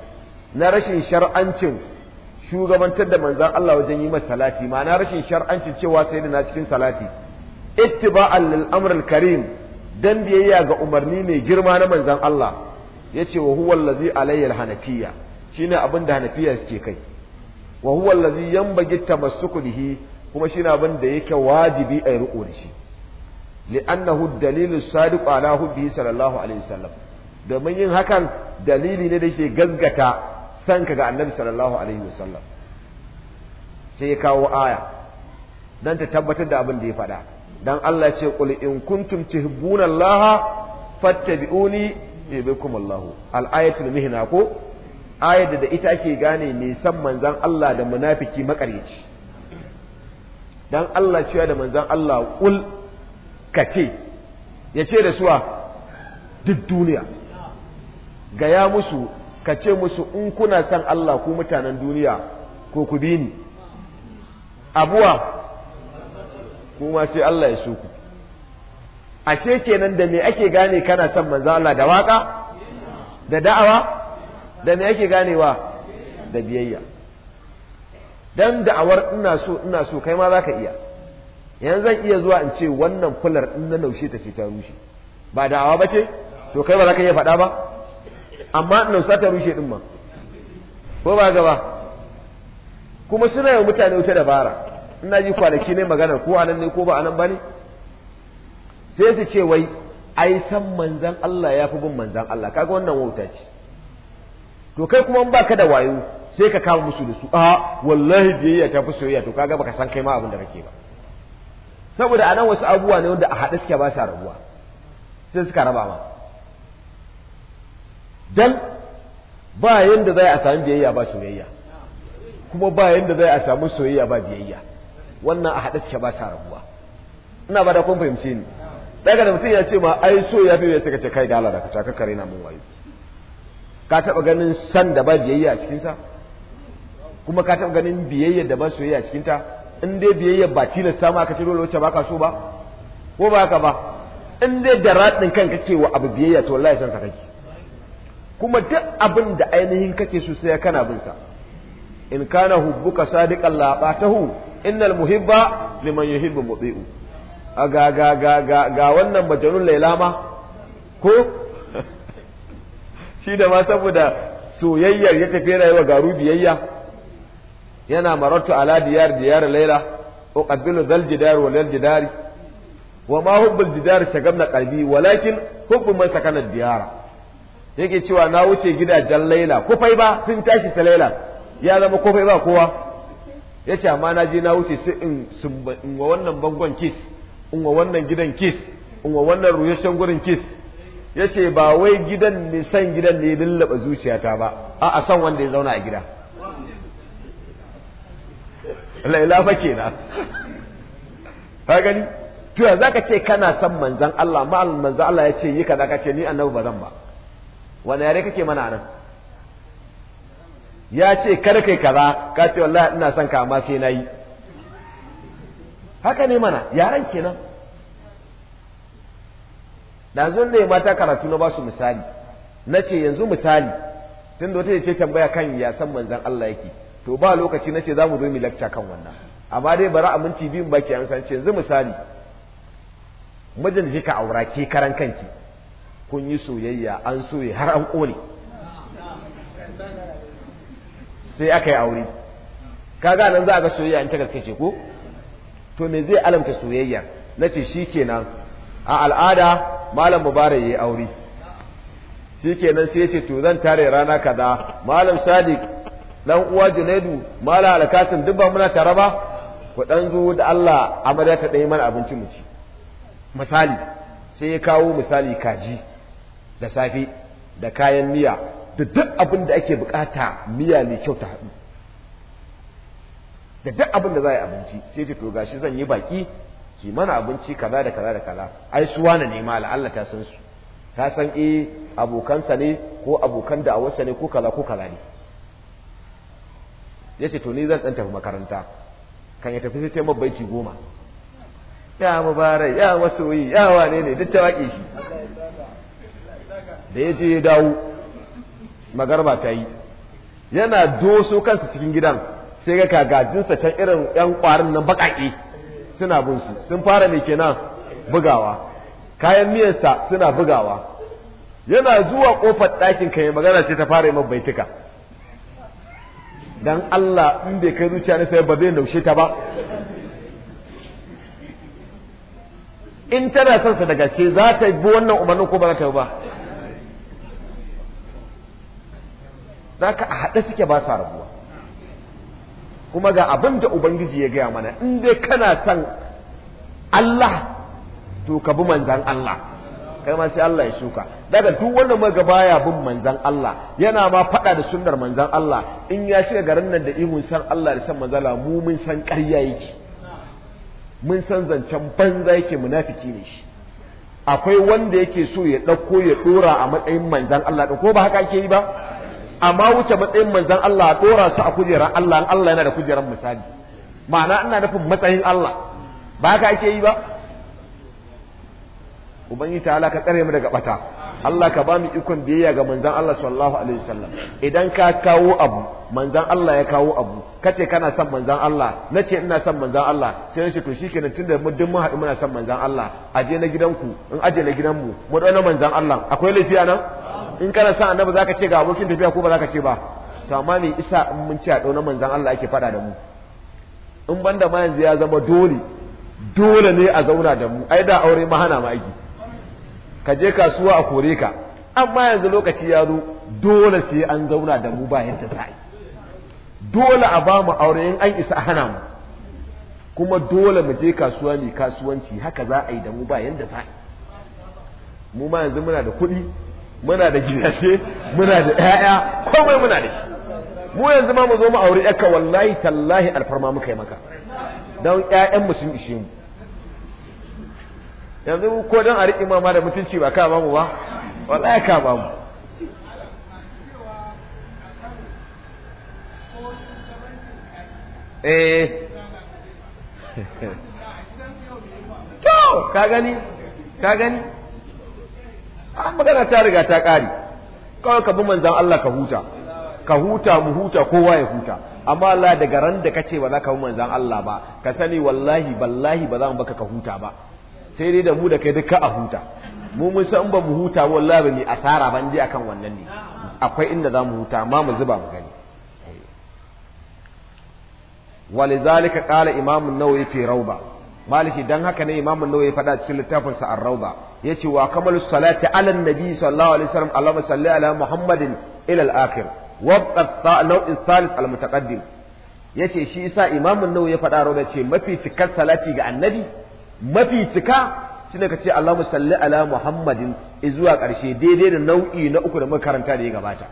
na rashin shar'ancin shugabantar da manzon Allah wajen yi masa salati ma na rashin shar'ancin cewa sai da na cikin salati ittiba'an lil amril karim dan biyayya ga umarni mai girma na manzon Allah yace wa huwa allazi alayya al shine abin da hanafiya suke kai wa huwa allazi yanbaghi tamassuku bihi kuma shine abin da yake wajibi a riko da shi li'annahu dalilu sadiq ala hubbi sallallahu alaihi wasallam domin yin hakan dalili ne da yake gaggata san ka ga annabi sallallahu alaihi wasallam sai ya kawo aya dan ta tabbatar da abin da ya faɗa dan Allah ce qul in kuntum tuhibbuna Allah fattabi'uni yuhibbukum Allah al-ayatul mihna ko ayat da ita ke gane ne san manzan Allah da munafiki makaryaci dan Allah ce da manzan Allah qul kace yace da suwa duk duniya gaya musu kace musu in kuna san Allah ku mutanen duniya ko ku bi ni abuwa ma sai Allah ya so ku ashe kenan da me ake gane kana son manzo Allah da waka da da'awa da me ake ganewa da biyayya dan da'awar ina so ina so kai ma zaka iya yanzu zan iya zuwa in ce wannan fular in na naushe ta ce ta rushe ba da'awa ba ce to kai ba za ka iya faɗa ba amma in nausa ta rushe din ma ko ba gaba kuma suna yi mutane wuta dabara ina ji kwanaki ne magana ko anan ne ko ba anan ba ne sai su ce wai ai san manzan Allah ya fi bin manzan Allah kaga wannan wauta ce to kai kuma in ka da wayo sai ka kama musu da su a wallahi biyayya ta fi soyayya to kaga baka san kai ma abin da kake ba saboda anan wasu abubuwa ne wanda a haɗe suke ba sa rabuwa sai suka raba ma dan ba yanda zai a sami biyayya ba soyayya kuma ba yanda zai a samu soyayya ba biyayya wannan a haɗe suke ba ta rabuwa ina ba da kun fahimce ni daga da mutum ya ce ma ai so ya fi ka ce kai da Allah da ka kare na mun wayo ka taɓa ganin san da ba biyayya a cikinsa kuma ka taɓa ganin biyayya da ba soyayya a cikinta in dai biyayya ba tilasta ma ka ce dole wacce ba ka so ba ko ba ka ba in dai da raɗin kan kake wa abu biyayya to wallahi san ka kake kuma duk abin da ainihin kake so sai kana bin sa in kana hubbuka sadiqan la batahu innal muhibba liman yuhibbu muti'u ga ga ga ga ga wannan bajarun laila ma ko shi da ma saboda soyayyar ya tafi rayuwa garu biyayya yana marattu ala diyar diyar laila uqabbilu dal jidar wal jidari wa ma hubbul jidar shagabna qalbi walakin hubbu man sakana diyara yake cewa na wuce gidajen laila kufai ba sun tashi ta laila ya zama kufai ba kowa ya ce amma na je na wuce su in wa wannan bangon kis in wa wannan gidan kis in wa wannan rushasshen gurin kis ya ce ba wai gidan ne san gidan ne lullaba zuciyata ba a a san wanda ya zauna a gida laila fa na ha gani tuya za ka ce kana san manzan Allah ma'al manzan Allah ya ce yi za ka ce ni annabu ba zan ba wani yare kake mana nan ya ce kar kai kaza ka ce wallahi ina son ka amma sai nayi haka ne mana yaran kenan da zun ne mata karatu na basu misali na ce yanzu misali tun da wata ce tambaya kan ya san manzon Allah yake to ba lokaci na ce za mu zo mu lakca kan wannan amma dai bari a minti biyun baki an san ce yanzu misali mijin da kika aura ke karan kanki kun yi soyayya an soye har an kone sai aka yi aure kaga nan za a ga soyayya in ta gaske ce ko to me zai alamta soyayya na ce shi kenan a al'ada malam mubarak ya yi aure shi kenan sai ce to zan tare rana kaza malam sadiq dan uwa junaidu malam alkasim duk ba muna tare ba ku dan zo da Allah amarya ta dai mana abinci mu ci misali sai ya kawo misali kaji da safe da kayan miya da duk abin da ake bukata miya ne kyau ta haɗu da duk abin da za a yi abinci sai ce to gashi zan yi baki ki mana abinci kaza da kaza da kaza ai su wane ne ma Allah ta san su ta san eh abokansa ne ko abokan da'awarsa ne ko kaza ko kaza ne ya ce to ni zan ɗan tafi makaranta kan ya tafi sai ta taimar ci goma ya Mubarai ya masoyi ya wane ne duk ta waƙe shi da ya je ya dawo magarba ta yi yana doso kansa cikin gidan sai ga kagajinsa can irin yan kwarin nan baƙaƙe suna bin su sun fara ne kenan bugawa kayan miyansa suna bugawa yana zuwa kofar ɗakin kai magana ce ta fara yi tuka Don Allah in bai kai zuciya na sai ba zai naushe ta ba in tana son sa da gaske za ta bi wannan umarnin ko ba za ta yi ba zaka a haɗe suke ba sa rabuwa kuma ga abin da ubangiji ya gaya mana in dai kana son Allah to ka bi manzan Allah kai ma sai Allah ya shuka daga duk wanda maga ya bin manzan Allah yana ma faɗa da sunnar manzan Allah in ya shiga garin nan da ihun san Allah da san manzala mu mun san ƙarya yake mun san zancen banza yake munafiki ne shi akwai wanda yake so ya ɗauko ya ɗora a matsayin manzan Allah ko ba haka ake yi ba amma wuce matsayin manzan Allah a dora su a kujerar Allah Allah yana da kujerar misali ma'ana ina nufin matsayin Allah ba ka ake yi ba ubangiji ta'ala ka tsare mu daga bata Allah ka ba mu ikon biyayya ga manzan Allah sallallahu alaihi wasallam idan ka kawo abu manzan Allah ya kawo abu kace kana son manzan Allah Na ce ina son manzan Allah sai shi to shikenan tunda mu duk mun haɗu muna son manzan Allah aje na gidanku in aje na gidanmu mu dauna manzan Allah akwai lafiya nan in kana san annabi zaka ce ga abokin tafiya ko ba zaka ce ba to amma me isa in mun ci a dauna manzon Allah ake faɗa da mu in banda ma yanzu ya zama dole dole ne a zauna da mu ai da aure ma hana ma aiki ka je kasuwa a kore ka amma yanzu lokaci ya zo dole sai an zauna da mu bayan ta sa'i dole a ba mu aure in an isa hana mu kuma dole mu je kasuwa ne kasuwanci haka za a yi da mu bayan ta sa'i mu ma yanzu muna da kuɗi muna da gidaje muna da ƴaƴa komai muna da shi mu yanzu ma mu zo mu aure ɗaka wallahi tallahi alfarma muka yi maka don ƴaƴan mu sun ishe mu yanzu ko don a riƙi mama da mutunci ba ka mamu ba wallahi ka mamu. eh ka gani ka gani an ah, magana ta riga ta ƙari. kawai ka bi manzan Allah ka huta ka huta mu huta kowa ya huta amma Allah daga ran da kace ba za ka bi manzan Allah ba ka sani wallahi ballahi ba za mu baka ka huta ba sai dai da mu da kai duka a huta mu mun san ba mu huta wallahi ba asara ban je akan wannan ne akwai inda za mu huta amma mu zuba mu gani ولذلك قال إمام النووي في روضة maliki dan haka ne imamun nawawi ya faɗa cikin littafinsa ar-rauda yace wa kamalu salati ala nabi sallallahu alaihi wasallam allahumma salli ala muhammadin ila al-akhir wa nau'in salis al-mutaqaddim yace shi isa imamun nawawi ya faɗa rawa ce mafi cikar salati ga annabi mafi cika shine kace allahumma salli ala muhammadin zuwa ƙarshe daidai da nau'i na uku da muka karanta da ya gabata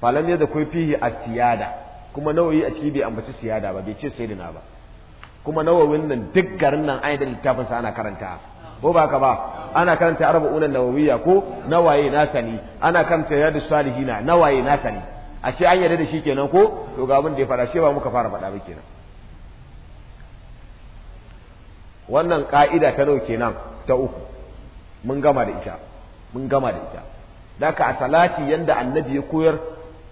falan ne da kai fihi asiyada kuma nawawi a cikin bai ambaci siyada ba bai ce sayyidina ba kuma nawawin nan duk garin nan ayyadin littafin sa ana karanta ko ba ka ba ana karanta unan nawawiya ko nawaye na sani ana karanta yadus salihina nawaye na sani ashe an yarda da shi kenan ko to ga abin da ya fara shi ba muka fara faɗa ba kenan wannan ka'ida ta nau kenan ta uku mun gama da ita mun gama da ita daka a salati yanda annabi ya koyar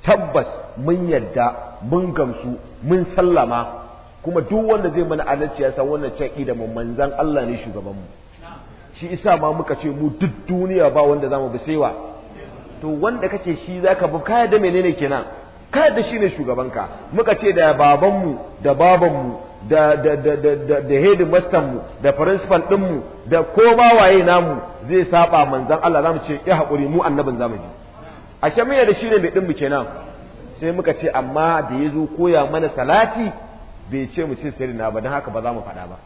tabbas mun yarda mun gamsu mun sallama kuma duk wanda zai mana adalci ya san wannan caki da mu manzan Allah ne shugabanmu shi isa ma muka ce mu duk duniya ba wanda zamu bi bisewa to wanda kace shi za zaka bi kaya da menene kenan da shi shugaban shugabanka muka ce da babanmu da babanmu da da da da da headmaster mu da principal din mu da ko ba waye namu zai saba manzon Allah za mu ce ya hakuri mu annabin zamu bi ashe da shi ne mai din mu kenan sai muka ce amma da ya zo koya mana salati bai ce mu ce sirri na ba don haka ba za mu faɗa ba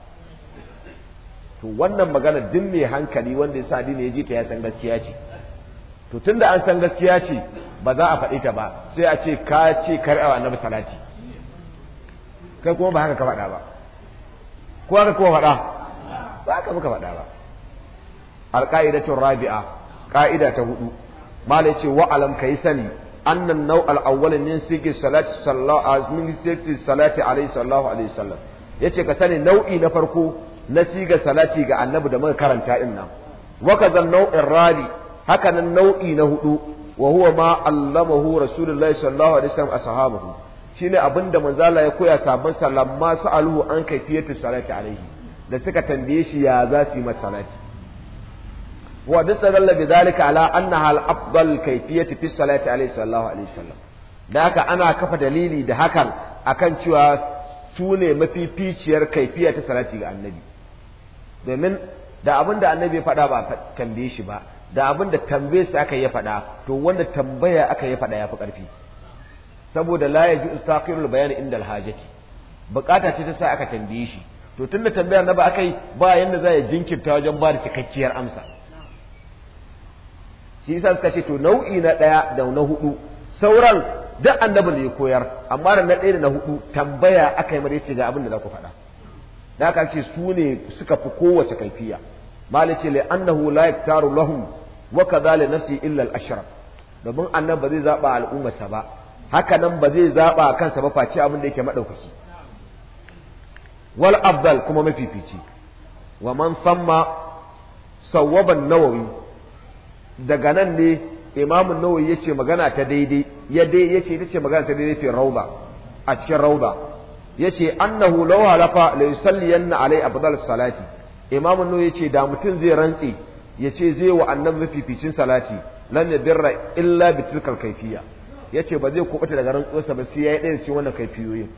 to wannan magana din mai hankali wanda ya sa dini ya ji ta ya san gaskiya ce to tun da an san gaskiya ce ba za a faɗi ta ba sai a ce ka ce kar a annabi salati kai kuma ba haka ka faɗa ba ko haka kuma faɗa ba haka muka faɗa ba alqaidatu rabi'a ƙa'ida ta hudu malai ce wa alam kai sani annan nau'al awwal min sigi salati sallallahu alaihi wasallam yace ka sani nau'i na farko na siga salati ga annabi da muka karanta din nan wa kadha nau'in radi haka nan nau'i na hudu wa huwa ma allamahu rasulullahi sallallahu alaihi wasallam ashabahu shine abinda manzo Allah ya koya sabon su sa'aluhu an kaifiyatu salati alaihi da suka tambaye shi ya za su yi masalati wa bi bidhalika ala annaha al-afdal kayfiyati fi salati alaihi sallallahu alaihi wasallam da haka ana kafa dalili da hakan akan cewa su ne ficiyar kaifiya ta salati ga annabi domin da abin da annabi ya faɗa ba tambaye shi ba da abin da tambaye su aka yi faɗa to wanda tambaya aka yi faɗa ya fi ƙarfi saboda la ya ji istaqirul bayani inda alhajati bukata ce ta sa aka tambaye shi to tun da tambayar na ba aka yi ba yanda za ya jinkirta wajen ba da cikakkiyar amsa shi yasa suka ce to nau'i na ɗaya da na hudu sauran duk annabin da ya koyar amma da na ɗaya da na hudu tambaya aka yi mara ya ce ga abin da za ku faɗa da aka ce su ne suka fi kowace kaifiya mali ce li'annahu la yaktaru lahum wa kadhalika nafsi illa al-ashraf domin annan ba zai zaba al'ummarsa ba haka nan ba zai zaba kansa ba face abin da yake madaukaki wal afdal kuma mafifici wa man samma sawwaban nawawi daga nan ne imamun nawawi yace magana ta daidai ya dai yace ita ce magana ta daidai fi rauda a cikin rauda yace annahu law halafa la yusalliyanna alai afdal salati imam an yace da mutum zai rantsi yace zai wa annabi mafificin salati lam yabirra illa bi tilkal Ya yace ba zai kubuta daga rantsuwarsa ba sai yayi ɗaya cikin wannan kayfiyoyin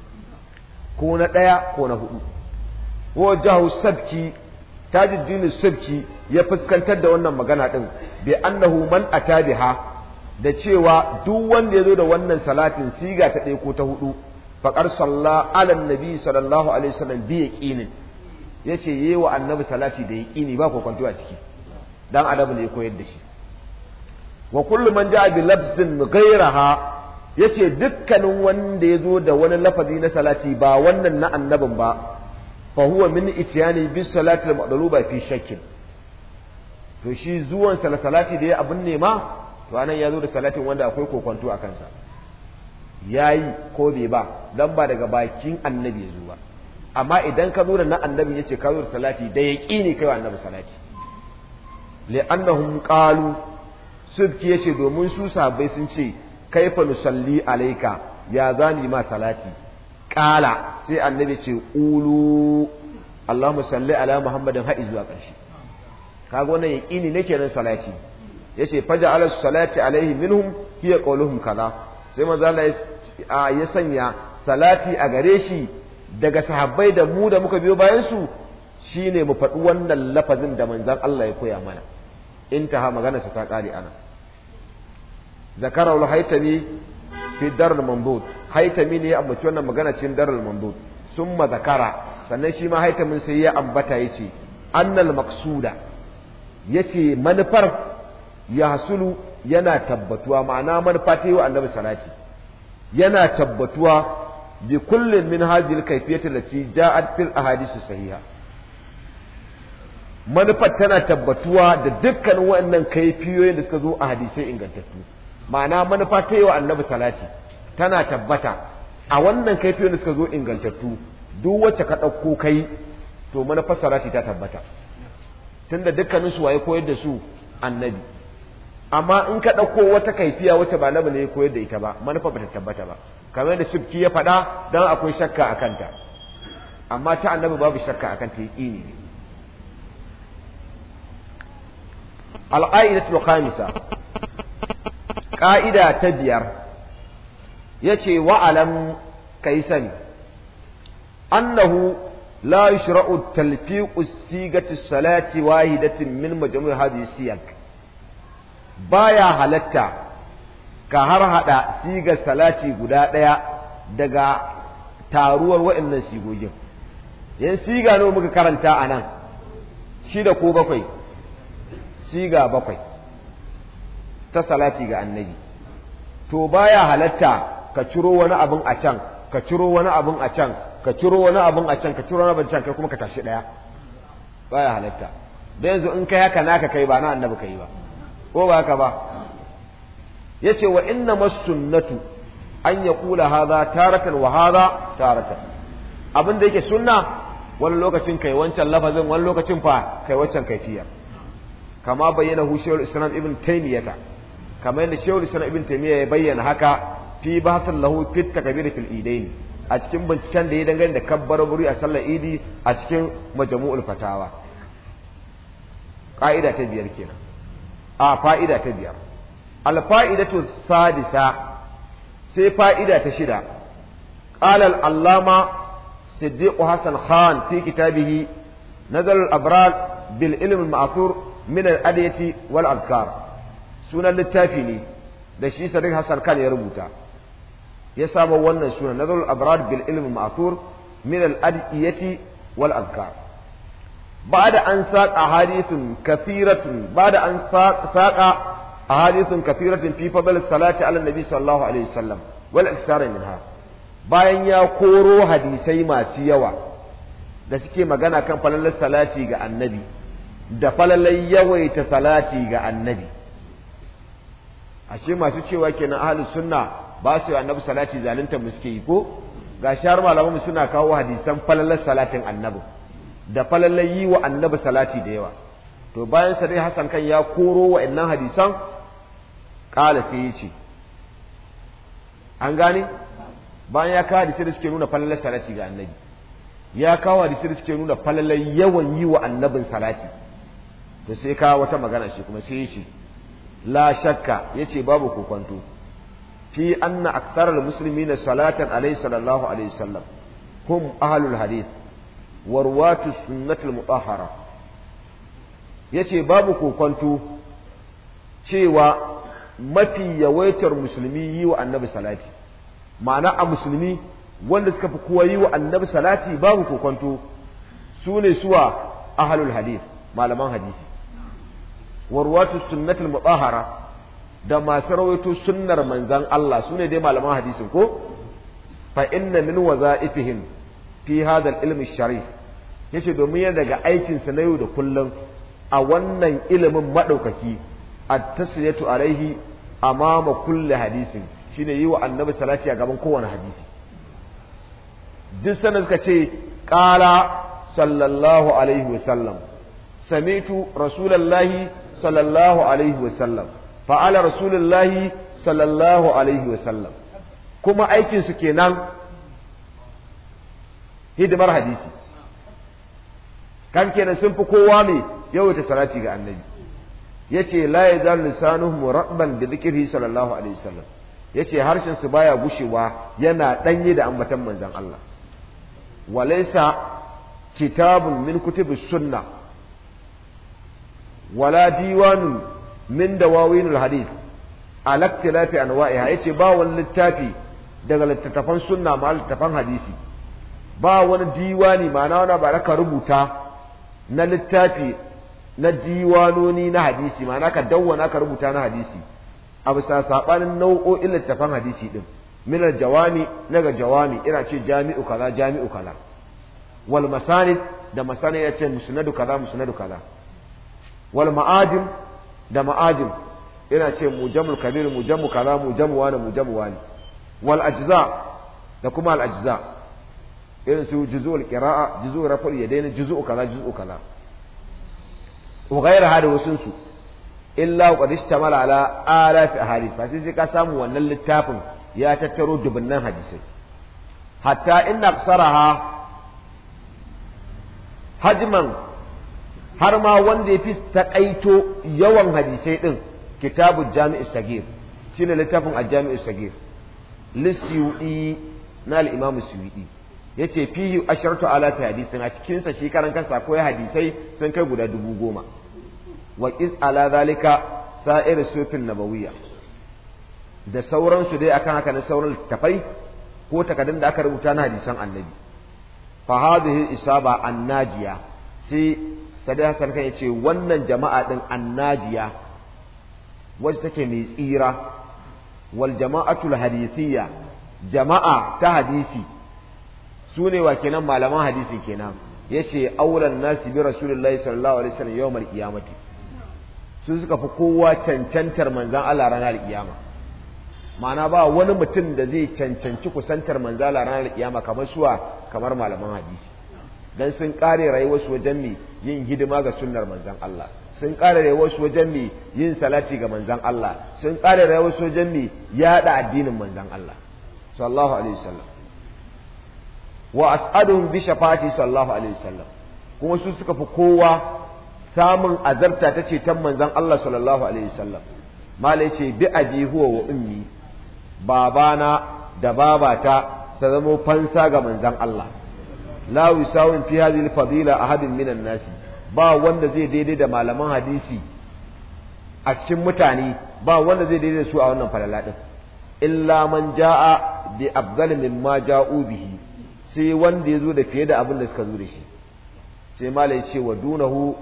ko na ɗaya ko na hudu jahu sabki tajuddin sabki ya fuskantar da wannan magana din bi annahu man atabiha da cewa duk wanda ya zo da wannan salatin siga ta ɗaya ko ta hudu faƙar salla alan nabi sallallahu alaihi wasallam bi yaqinin yace yayi wa annabi salati da yaqini ba ko kwantuwa a ciki dan adabu ne koyar da shi wa kullu man jaa bi lafzin ghayraha yace dukkanin wanda yazo da wani lafazi na salati ba wannan na annabin ba fa huwa min itiyani bi salati al madluba fi shakkin to shi zuwan salati da ya ne nema to anan yazo da salatin wanda akwai kokonto a kansa Yayi ko bai ba dan ba daga bakin annabi ya zo ba amma idan ka zo da na annabi ya ce ka zo da salati da yaƙi ne kai wa annabi salati li'annahum qalu subki yace domin su sabai sun ce kaifa nusalli alayka ya zani ma salati qala sai annabi ce ulu Allahumma salli ala Muhammadin haɗi zuwa ƙarshe kaga wannan yaqini ne kenan salati yace faja salati alaihi minhum hiya qawluhum kaza sai manzo Allah ya sanya salati a gare shi daga sahabbai da mu da muka biyo bayansu su shine mu faɗi wannan lafazin da manzan Allah ya koya mana In ta magana su ta kare ana zakara haitami fi darul mandud haitami ne ya ambaci wannan magana cikin darul mandud summa zakara sannan shi ma haitamin sai ya ambata yace annal maqsuda yace manufar ya hasulu yana tabbatuwa ma'ana manufa ta yi wa annabi salati yana tabbatuwa bi kullin min hadhihi al da ci ja'at fil ahadith sahiha manufar tana tabbatuwa da dukkanin waɗannan kaifiyoyin da suka zo a hadisai ingantattu ma'ana manufa ta yi wa annabi salati tana tabbata a wannan kaifiyoyin da suka zo ingantattu duk wacce ka ɗauko kai to manufar salati ta tabbata tunda dukkanin su waye koyar da su annabi amma in ka ɗauko wata kaifiya wacce ba namu ne ya koyar da ita ba manufa ba ta tabbata ba kamar da shibki ya faɗa dan akwai shakka a kanta amma ta annabi babu shakka a kanta ya ƙi ne al'aidatu khamisa ƙa'ida ta biyar yace wa'alan kai sani annahu لا يشرع تلفيق السيغة الصلاة min من مجموع ya السياق baya halatta ka har hada sigar salati guda ɗaya daga taruwar waɗannan sigogin yan siga ne muka karanta a nan shida ko bakwai siga bakwai ta salati ga annabi to baya halatta ka ciro wani abin a can ka ciro wani abin a can ka ciro wani abin a can ka ciro wani abin a can kai kuma ka tashi ɗaya baya halatta da yanzu in kai haka naka kai ba na annabi kai ba ko ba haka ba yace wa inna sunnatu an ya kula haza taratan wa haza taratan abin da yake sunna wani lokacin kai wancan lafazin wani lokacin fa kai wancan kaifiyar kama bayyana hu shehu islam ibn taymiyata kama yadda shehu islam ibn taymiya ya bayyana haka fi bahasan lahu fit takbir fil idain a cikin binciken da ya dangane da kabbar buri a sallar idi a cikin majmu'ul fatawa ka'ida ta biyar kenan a fa'ida ta biyar alfa'idatu sadisa sai fa'ida ta shida ƙalal allama siddiq hasan khan fi kitabihi nazar al-abrar bil ilm al min al wal azkar sunan littafi ne da shi sadiq hasan khan ya rubuta ya saba wannan sunan nazar al-abrar bil ilm al min al wal azkar بعد أن ساق أحاديث كثيرة بعد أن ساق, أحاديث كثيرة في فضل الصلاة على النبي صلى الله عليه وسلم والأكثر منها bayan ya koro hadisai masu yawa da suke magana kan falalar salati ga annabi da falalar yawaita salati ga annabi ashe masu cewa kenan ahlus sunna ba su yi annabi salati zalunta mu suke yi ko ga shahar malamu suna kawo hadisan falalar salatin annabin. da falallai yi wa annabi salati da yawa to bayan sa dai Hassan kan ya koro wa innan hadisan kala sai ya ce an gane bayan ya kawo hadisai da suke nuna falallan salati ga annabi ya kawo hadisai da suke nuna falallan yawan yi wa annabin salati to sai kawo wata magana shi kuma sai ya ce la shakka yace babu kokonto fi anna musulmi muslimina salatan alayhi sallallahu alaihi wasallam hum ahlul hadith warwatu sunnatul mutahhara yace babu kokonto cewa mafi yawaitar musulmi yi wa annabi salati ma'ana a musulmi wanda suka fi kowa yi wa annabi salati babu kokonto su ne suwa ahlul hadith malaman hadisi warwatu sunnatul mutahhara da masu rawaito sunnar manzan Allah su ne dai malaman hadisin ko fa inna min wazaifihim fi hadal ilmi sharif yace domin yana daga aikinsa na yau da kullum a wannan ilimin madaukaki at tasiyatu alaihi amama kulli hadisin shine yi wa annabi salati a gaban kowane hadisi duk sanin suka ce qala sallallahu alaihi wasallam sami'tu rasulullahi sallallahu alaihi wasallam fa'ala rasulullahi sallallahu alaihi wasallam kuma aikinsu kenan hidimar hadisi kan kenan sun fi kowa mai yawaita salati ga annabi yace la yazal lisanuhum rabban bi dhikrihi sallallahu alaihi wasallam harshen su baya gushewa yana danye da ambatan manzan Allah walaisa kitabun min kutubi sunna wala diwanun min dawawinul hadith ala anwa'iha yace ba wani littafi daga littattafan sunna ma littattafan hadisi ba wani diwani ma'ana wani ba ka rubuta na littafi na diwanoni na hadisi ma'ana ka dawwana ka rubuta na hadisi a bisa saɓanin nau'o'in littafan hadisi ɗin minar jawami naga jawami ina ce jami'u kaza jami'u kaza wal masanid da masanid ya ce musnadu kaza musnadu kaza wal ma'adim da ma'adim ina ce mujamul kabir mujamu kaza mujamu wani mujamu wani wal ajza da kuma al ajza irin su juzu'ul qira'a juzu'ur rafa'u yadaini juzu'u kaza juzu'u kaza wa ghayra hada wasun su illa qad istamala ala alaf ahadith fa sai ka samu wannan littafin ya tattaro dubunnan hadisai hatta inna aksaraha hajman har ma wanda ya fi takaito yawan hadisai ɗin kitabu jami'is sagir shine littafin a jami'is sagir lissiyuɗi na al'imamu suyuɗi yace fihi asharatu ala hadisin a cikinsa shekaran shi karan kansa akwai hadisai sun kai guda dubu goma wa is ala zalika sa'ir sufin nabawiya da sauransu dai akan haka na sauran tafai ko takardun da aka rubuta na hadisan annabi fa hadhihi isaba annajiya sai sadi hasan kan yace wannan jama'a din annajiya wacce take mai tsira wal jama'atul hadisiyya jama'a ta hadisi su ne wa kenan malaman hadisi kenan ce auren nasi bi rasulullahi sallallahu alaihi wasallam yawmal qiyamati su suka fi kowa cancantar manzan Allah ranar kiyama ma'ana ba wani mutum da zai cancanci kusantar manzan Allah ranar kiyama kamar suwa kamar malaman hadisi dan sun kare rayuwarsu wajen mi yin hidima ga sunnar manzan Allah sun kare rayuwarsu wajen mi yin salati ga manzan Allah sun kare rayuwarsu wajen mi yada addinin manzan Allah sallallahu alaihi wasallam wa as'adun bi shafati sallallahu alaihi wasallam kuma su suka fi kowa samun azarta ta ce tan manzon Allah sallallahu alaihi wasallam malai ce bi abi huwa wa ummi babana da babata sa zamo fansa ga manzon Allah la wisawin fi hadhihi fadila ahadin minan nasi ba wanda zai daidai da malaman hadisi a cikin mutane ba wanda zai daidai da su a wannan falala din illa man jaa bi afdal mimma ja'u bihi sai wanda ya zo da fiye da abin da suka zo da shi sai mala ya ce wa dunahu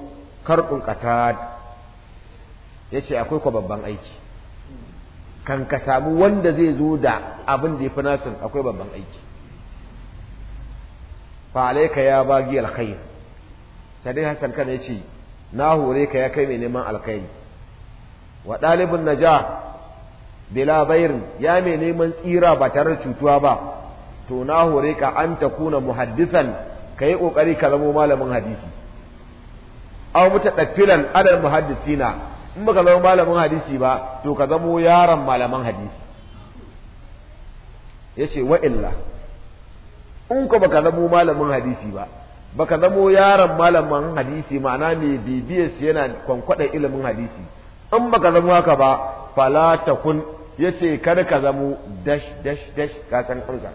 karɓin ƙatad ya ce akwai kwa babban aiki kan ka samu wanda zai zo da abin da ya fi nasin akwai babban aiki ka ya bagi alkhair sadai hassan kan ya ce na hore ka ya kai mai neman alkhairi wa ɗalibin naja bila bairin ya mai neman tsira ba tare da cutuwa ba to na hore ka an ta kuna muhaddisan ka yi ƙoƙari ka zamo malamin hadisi aw mutadaffilan adal muhaddisina in baka zama malamin hadisi ba to ka zamo yaron malaman hadisi yace wa illa in ko baka zamo malamin hadisi ba baka zamo yaron malamin hadisi ma'ana mai bibiyar shi yana kwankwada ilimin hadisi in baka zamo haka ba fala takun yace kada ka zamo dash dash dash ka san kansa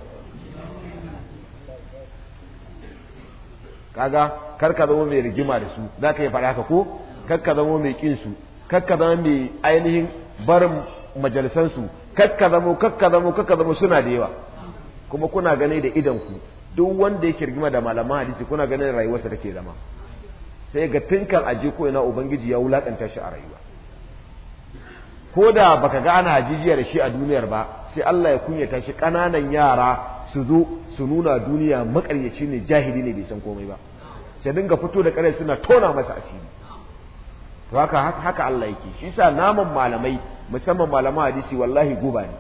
kaga kar ka zama mai rigima da su za ka yi fara haka ko kar ka zama mai kinsu su kar ka zama mai ainihin barin majalisansu kar ka zama kar ka zama kar ka zama suna da yawa kuma kuna gani da idan ku duk wanda yake rigima da malaman hadisi kuna ganin rayuwarsa take zama sai ga tinkan aje ko ina ubangiji ya wulakanta shi a rayuwa ko da baka ga ana hajijiya da shi a duniyar ba sai Allah ya kunyata shi ƙananan yara su zo su nuna duniya makaryaci ne jahili ne bai san komai ba sai dinga fito da karai suna tona masa asiri to haka haka Allah yake shi yasa naman malamai musamman malaman hadisi wallahi guba ne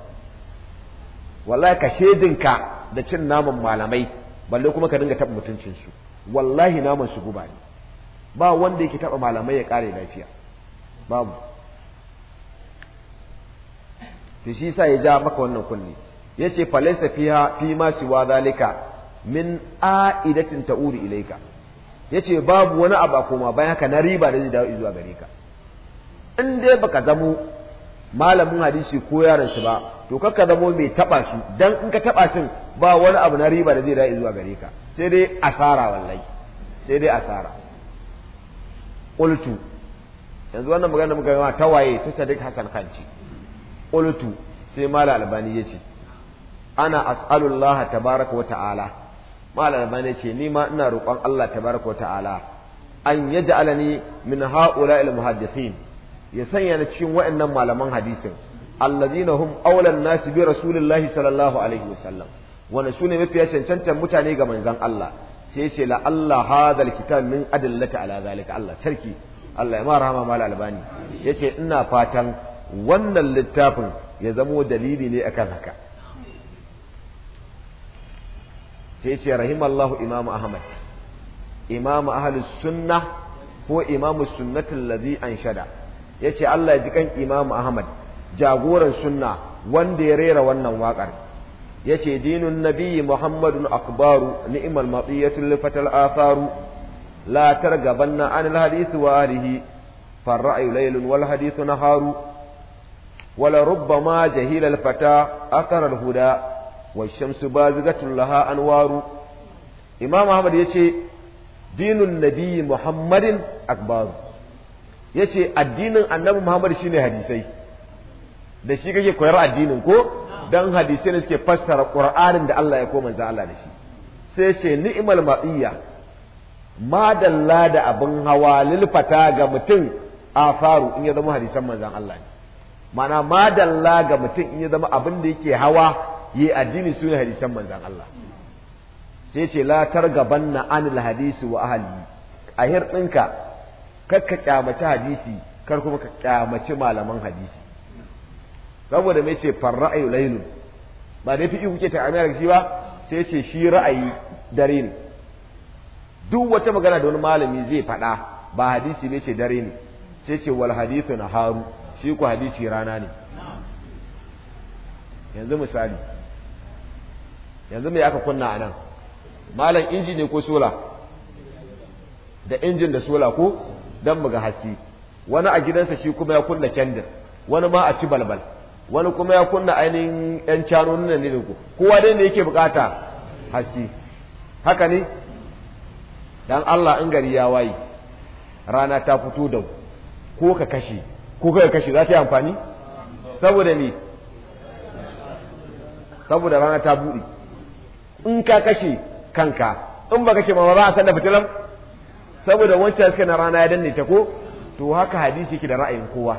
wallahi ka shedinka da cin naman malamai balle kuma ka dinga taɓa mutuncin su wallahi naman su guba ne ba wanda yake taba malamai ya kare lafiya babu shi yasa ya ja maka wannan kunne yace ce falaisa fi ma siwa zalika min a'idatin ta'uri ya yace babu wani abu a koma bayan haka na riba da zai dawo zuwa gare ka in dai baka zamo malamin hadisi ko yaran shi ba to kakka zamo mai taba su dan in ka taba sun ba wani abu na riba da zai dawo zuwa gare ka sai dai asara wallahi sai dai asara qultu yanzu wannan magana muka yi ma tawaye ta Sadiq Hassan kanci qultu sai mala albani yace ana as'alullaha tabaraka wa ta'ala malam ce ni ma ina roƙon Allah tabaraka wa ta'ala an yaj'alani min ha'ula'il muhaddithin ya sanya ni cikin waɗannan malaman hadisin allazina hum awlan nasi bi rasulillahi sallallahu alaihi wasallam wanda su ne mafiya cancantar mutane ga manzon Allah sai ce la Allah hadal kitab min adillata ala zalika Allah sarki Allah ya ma rahama mal albani yace ina fatan wannan littafin ya zamo dalili ne akan haka sai ce rahimallahu imamu ahmad imamu ahlus sunna ko imamu sunnatul ladhi anshada yace Allah ya ji kan imamu ahmad jagoran sunna wanda ya rera wannan waƙar yace dinun nabiyyi muhammadun akbaru ni'mal matiyatu lifatal atharu la targabanna anil hadith wa alihi farra'u laylun wal hadith naharu ولربما جهل الفتى أثر huda. wa shamsu bazigatun laha anwaru imam ahmad yace dinun nabiyyi muhammadin akbaru yace addinin annabi muhammad shine hadisai da shi kake koyar addinin ko dan hadisai ne suke fassara qur'anin da Allah ya ko manzo Allah da shi sai ce ni'mal ma'iyya madalla da abin hawa lilfata ga mutum a in ya zama hadisan manzan Allah ne ma madalla ga mutum in ya zama abin da yake hawa yi addini suna hadisan manzan Allah sai ce la na anil hadisi wa ahali a hirɗinka kar ka kyamaci hadisi kar kuma ka kyamaci malaman hadisi saboda mai ce far ra'ayu ba dai fi kuke ta amina shi ba sai ce shi ra'ayi dare ne duk wata magana da wani malami zai faɗa ba hadisi ne ce dare ne sai ce wal hadithu haru, shi ku hadisi rana ne yanzu misali yanzu mai aka kunna a nan malam inji ne ko sola da injin da sola ko don mu ga haske wani a gidansa shi kuma ya kunna kendir wani ma a ci balbal wani kuma ya kunna ainihin yan cano nuna ne ku kowa dai ne yake bukata haske haka ne dan Allah in gari ya waye rana ta fito da ko ka kashe ko ka kashe za ta yi amfani saboda ne saboda rana ta buɗe in ka kashe kanka in ba kashe ma ba a sanda fitilan saboda wancan suka na rana ya danne ta ko to haka hadisi yake da ra'ayin kowa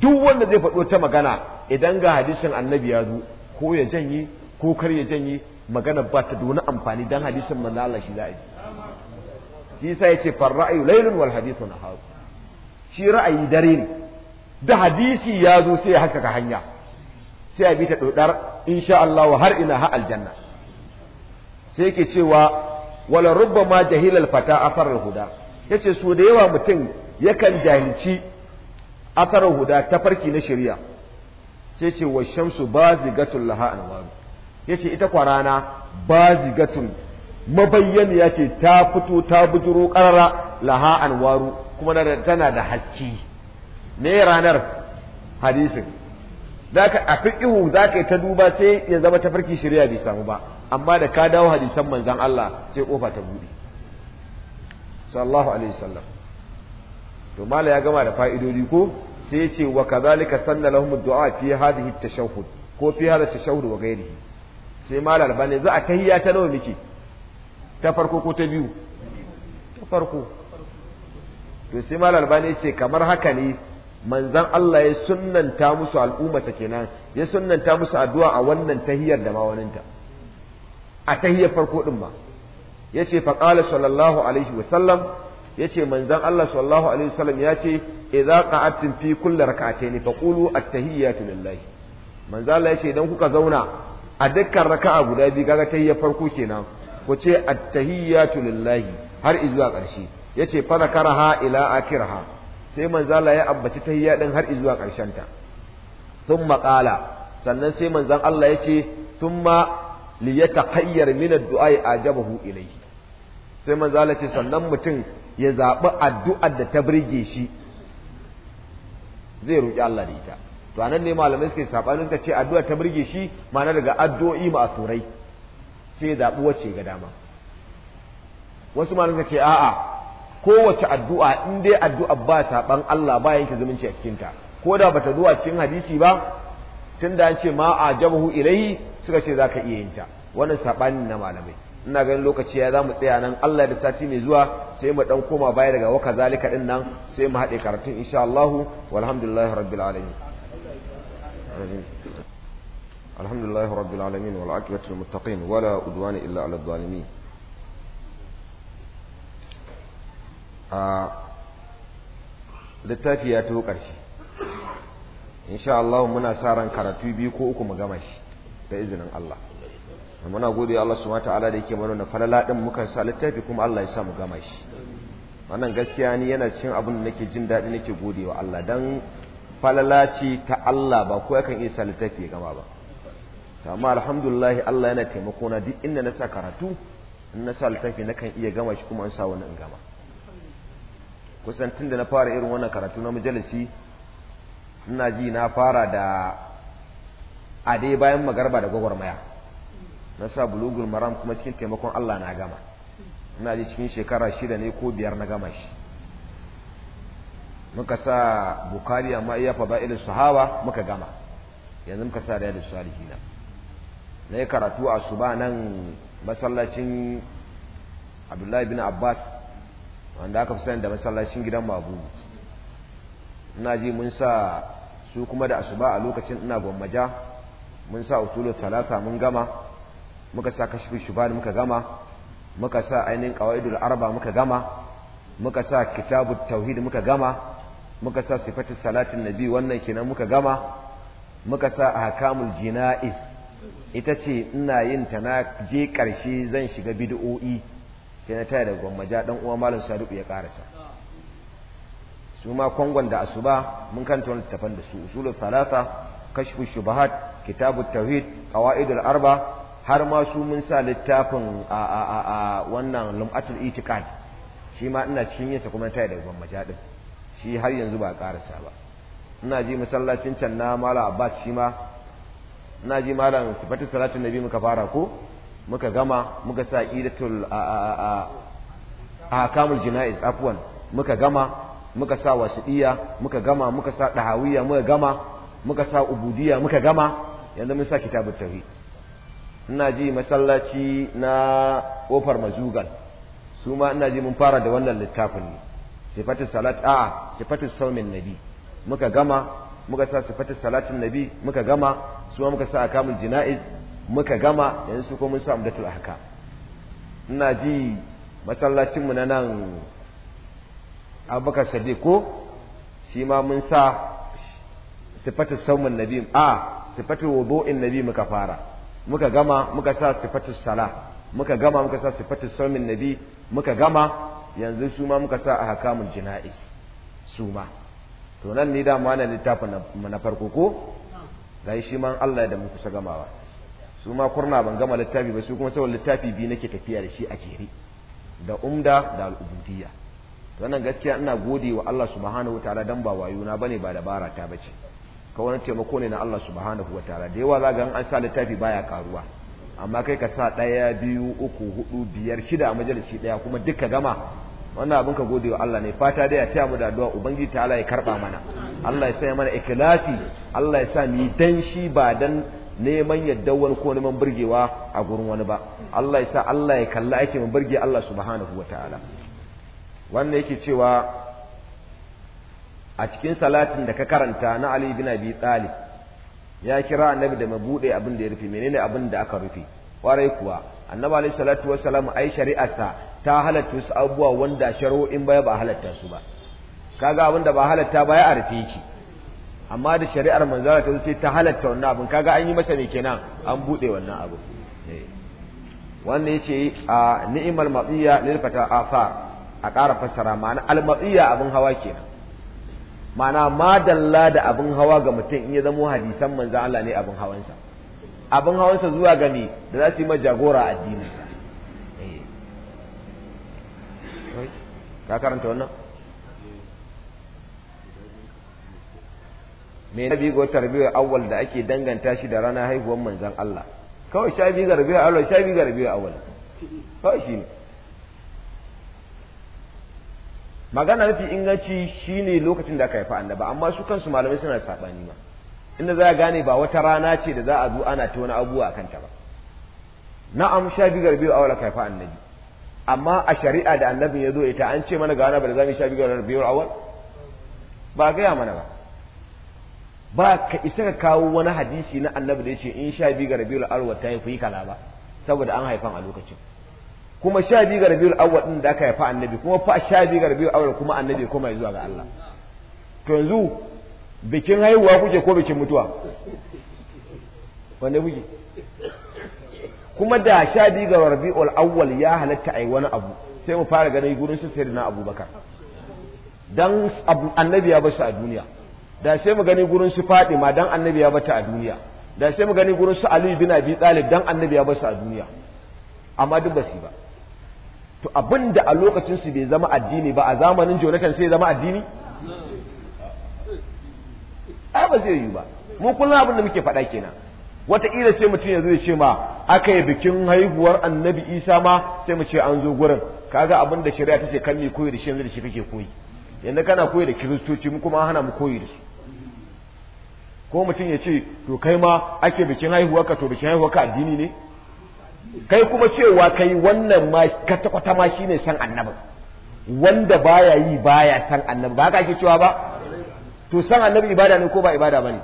duk wanda zai faɗo ta magana idan ga hadisin annabi ya zo ko ya janye ko kar ya janye magana ba ta da amfani dan hadisin manzo Allah shi za'a shi yasa yace far ra'ayu laylun wal hadithu nahar shi ra'ayi dare ne da hadisi ya zo sai ya haka ka hanya sai a bi ta dodar insha Allah har ina ha aljanna sai yake cewa wala ma jahilal fata asarar huda yace so da yawa mutum yakan jahilci asarar huda ta farki na shari'a sai ce wa shamsu bazigatul laha anwaru yace ita kwarana bazigatun ya ce ta fito ta bujuro karara laha anwaru kuma tana da haske me ranar hadisin zaka a ihu zaka ta duba sai ya zama tafarki shari'a bai samu ba amma da ka dawo hadisan manzan Allah sai kofa ta buɗe sallallahu alaihi wasallam to mala ya gama da fa'idodi ko sai ya ce wa kazalika sanna lahum du'a fi hadhihi at-tashahhud ko fi hadha at-tashahhud wa ghairihi sai mala albani za a tahiyya ta nawa miki ta farko ko ta biyu ta farko to sai mala albani ya ce kamar haka ne manzan Allah ya sunnanta musu al'ummata kenan ya sunnanta musu addu'a a wannan tahiyar da ma waninta a tahiyar farko din ba ya ce qala sallallahu alaihi wasallam yace manzon Allah sallallahu alaihi wasallam yace idza qa'adtum fi kulli rak'atayn fa qulu at-tahiyyatu lillahi manzon Allah ce idan kuka zauna a dukkan raka'a guda biyu kaga tahiyyar farko kenan ku ce at-tahiyyatu lillahi har izuwa ƙarshe yace fa zakaraha ila akirha sai manzon Allah ya ambaci tahiyya din har izuwa ƙarshen ta thumma qala sannan sai manzan Allah ya yace thumma li yataqayyar min ad-du'a ajabahu ilayhi sai manzo Allah ce sannan mutum ya zaɓi addu'ar da ta birge shi zai roƙi Allah da ita to anan ne malamai suke sabani suka ce addu'a ta birge shi ma'ana daga addu'o'i turai sai ya zaɓi wacce ga dama wasu malamai suka ce a'a kowace addu'a in dai addu'a ba saɓan Allah ba yanke zumunci a cikinta ko da bata zuwa cikin hadisi ba tunda an ce ma ajabahu ilaihi suka ce za ka iya yin ta wannan saɓanin na malamai ina ganin lokaci ya za mu tsaya nan Allah da sati mai zuwa sai mu ɗan koma baya daga waka zalika ɗin nan sai mu haɗe karatun insha allahu walhamdulillahi rabbil alamin alhamdulillahi rabbil alamin wal aqibatu lil muttaqin wala udwana illa ala zalimin a littafi ya taho ƙarshe insha Allah muna sa ran karatu biyu ko uku mu gama shi da izinin Allah muna gode Allah subhanahu ala da yake mana na falala din muka sa littafi kuma Allah ya sa mu gama shi wannan gaskiya ni yana cin abin da nake jin daɗi nake godewa Allah dan falala ce ta Allah ba ko yakan iya sa littafi ya gama ba amma alhamdulillah Allah yana taimako na duk inda na sa karatu in na sa littafi na kan iya gama shi kuma an sa wani in gama kusan tunda na fara irin wannan karatu na majalisi ina ji na fara da a dai bayan magarba da gwagwarmaya na sa bulugul maram kuma cikin taimakon Allah na gama ina ji cikin shekara shida ne ko biyar na gama shi muka sa bukari amma iya su sahaba muka gama yanzu muka sa da salihina na yi karatu a suba nan masallacin abdullahi bin abbas wanda aka fi sani da masallacin gidan mabu ina ji mun sa su kuma da asuba a lokacin ina gwammaja mun sa usulu talata mun gama muka sa kashfi shubhan muka gama muka sa ainihin qawaidul arba muka gama muka sa kitabut tauhid muka gama muka sa sifati salatin nabi wannan kenan muka gama muka sa ahkamul jina'is ita ce ina yin ta na je karshe zan shiga bid'o'i sai na taya da gwammaja dan uwa malam sadiq ya karasa su ma kwangon da asuba mun kanta wani tafan da su usulul salata kashfu shubahat Kitabu tauhid kawa'idul arba har ma su mun sa littafin a a a, a wannan lum'atul itiqad shi ma ina cikin yinsa kuma ta da gwamma jadin shi har yanzu ba karasa ba ina ji masallacin can na mala abbas shi ma ina ji malam sifatu salatin nabi muka fara ko muka gama muka sa idatul a a a a kamul jina'iz afwan muka gama muka sa wasiɗiya muka gama muka sa ɗahawiya muka gama muka sa ubudiya muka gama yanzu mun sa kitabun tauhid ina ji masallaci na kofar mazugal su ma ina ji mun fara da wannan littafin ne sifatin salat a sifatin saumin nabi muka gama muka sa sifatin salatin nabi muka gama su ma muka sa akamul jina'iz muka gama yanzu su ko mun sa amdatul ahka ina ji masallacin mu na nan Abubakar Sadiq ko shi ma mun sa sifatin saumin nabi a sifatu wudu'in nabi muka fara muka gama muka sa sifatu sala muka gama muka sa sifatu saumin nabi muka gama yanzu su ma muka sa ahkamul jina'is su ma to nan ne ma wannan littafin na farko ko gai shi man Allah da mu kusa gamawa su ma kurna ban gama littafi ba su kuma saboda littafi biyu nake tafiya da shi a jere da umda da al'ubudiyya nan gaskiya ina gode wa Allah subhanahu wataala dan ba wayuna bane ba dabara ta bace ka wani taimako ne na Allah subhanahu wa ta'ala da yawa zaga an sa littafi baya karuwa amma kai ka sa ɗaya biyu uku hudu biyar shida a majalisi ɗaya kuma duka gama wannan abin ka gode wa Allah ne fata da ya taya mu da addu'a ubangiji ta Allah ya karba mana Allah ya sa mana ikhlasi Allah ya sa mu dan shi ba dan neman yadda wani ko neman burgewa a gurin wani ba Allah ya sa Allah ya kalla aiki mu burge Allah subhanahu Ta'ala. wannan yake cewa a cikin salatin da ka karanta na Ali bin Abi Talib ya kira annabi da mabuɗe abin da ya rufe menene abin da aka rufe warai kuwa annabi alaihi salatu wassalam ai shari'arsa ta halatta su abubuwa wanda shari'o'in baya ba halatta su ba kaga abin da ba halatta baya a rufe ki amma da shari'ar manzara ta sai ta halatta wannan abin kaga an yi masa ne kenan an buɗe wannan abu eh. wannan yace a ni'mal matiya lil fata a ƙara fassara ma'ana al abin hawa kenan ma'ana madalla da abin hawa ga mutum in ya zamo hadisan manzan Allah ne abin hawansa abin hawansa zuwa ga me da za su yi ma jagora sa eh. ka karanta wannan me na bigo tarbiyar awwal da ake danganta shi da ranar haihuwar manzan Allah kawai sha biyu ga awwal sha biyu awwal kawai shi ne magana mafi inganci shine lokacin da aka haifa annaba amma su kansu malamai suna sabani ma inda za a gane ba wata rana ce da za a zo ana ta wani abubuwa a kanta ba na'am sha biyu garbiyu awal aka haifa annabi amma a shari'a da annabin ya zo ita an ce mana ga da balzami sha biyu garbiyu awal ba gaya mana ba ba ka isa ka kawo wani hadisi na annabi da ya ce in sha biyu garbiyu awal ta yi kala ba saboda an haifan a lokacin kuma sha biyu ga rabiul awwal din da aka haifa annabi kuma fa sha biyu ga rabiul awwal kuma annabi kuma zuwa ga Allah to yanzu bikin haihuwa kuke ko bikin mutuwa wanda kuke kuma da sha biyu ga rabiul awwal ya halatta ai wani abu sai mu fara ganin gurin su sayyidina abubakar dan annabi ya bashi a duniya da sai mu gani gurin su Fadima dan annabi ya bata a duniya da sai mu gani gurin su Ali bin Abi Talib dan annabi ya bashi a duniya amma duk basu ba to abinda a lokacin su bai zama addini ba a zamanin Jonathan sai zama addini a ba zai yi ba mu kullum abin da muke faɗa kenan wataƙila sai mutum ya zo ce ma aka yi bikin haihuwar annabi isa ma sai mu ce an zo gurin kaga abin da shari'a ta ce kan ne koyi da shi yanzu da shi kake koyi yanzu kana koyi da kiristoci mu kuma hana mu koyi da su ko mutum ya ce to kai ma ake bikin haihuwarka to bikin haihuwarka addini ne kai kuma cewa kai wannan ma kwata-kwata ma shine san annabin wanda baya yi baya san annabi ba haka ake cewa ba to san annabi ibada ne ko ba ibada ba ne.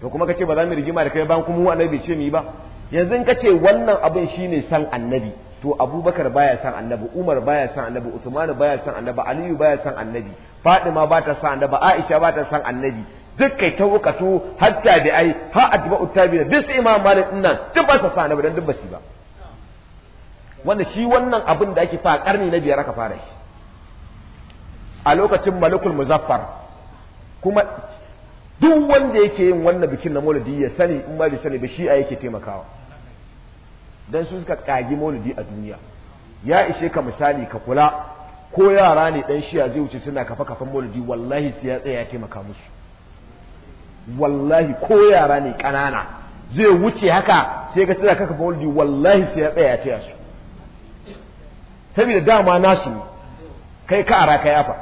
to kuma kace ba za mu rigima da kai ba kuma annabi ce mu yi ba yanzu in kace wannan abin shine san annabi to abubakar baya san annabi umar baya san annabi usman baya san annabi aliyu baya san annabi fadima ba ta san annabi aisha ba ta san annabi duk kai ta wukatu har ai har atba'u utabi da bisu imam malik din nan duk ba sa sani ba dan duk ba ba wannan shi wannan abin da ake fa karni na biyar aka fara shi a lokacin malakul muzaffar kuma duk wanda yake yin wannan bikin na maulidi ya sani in ba sani ba shi a yake taimakawa dan su suka kagi maulidi a duniya ya ishe ka misali ka kula ko yara ne dan shiya zai wuce suna kafa kafan maulidi wallahi sai ya tsaya ya taimaka musu wallahi ko yara ne ƙanana zai wuce haka sai ka tsira kaka fauldi wallahi sai ya tsaya ya taya su saboda dama nasu kai ka ara kai afa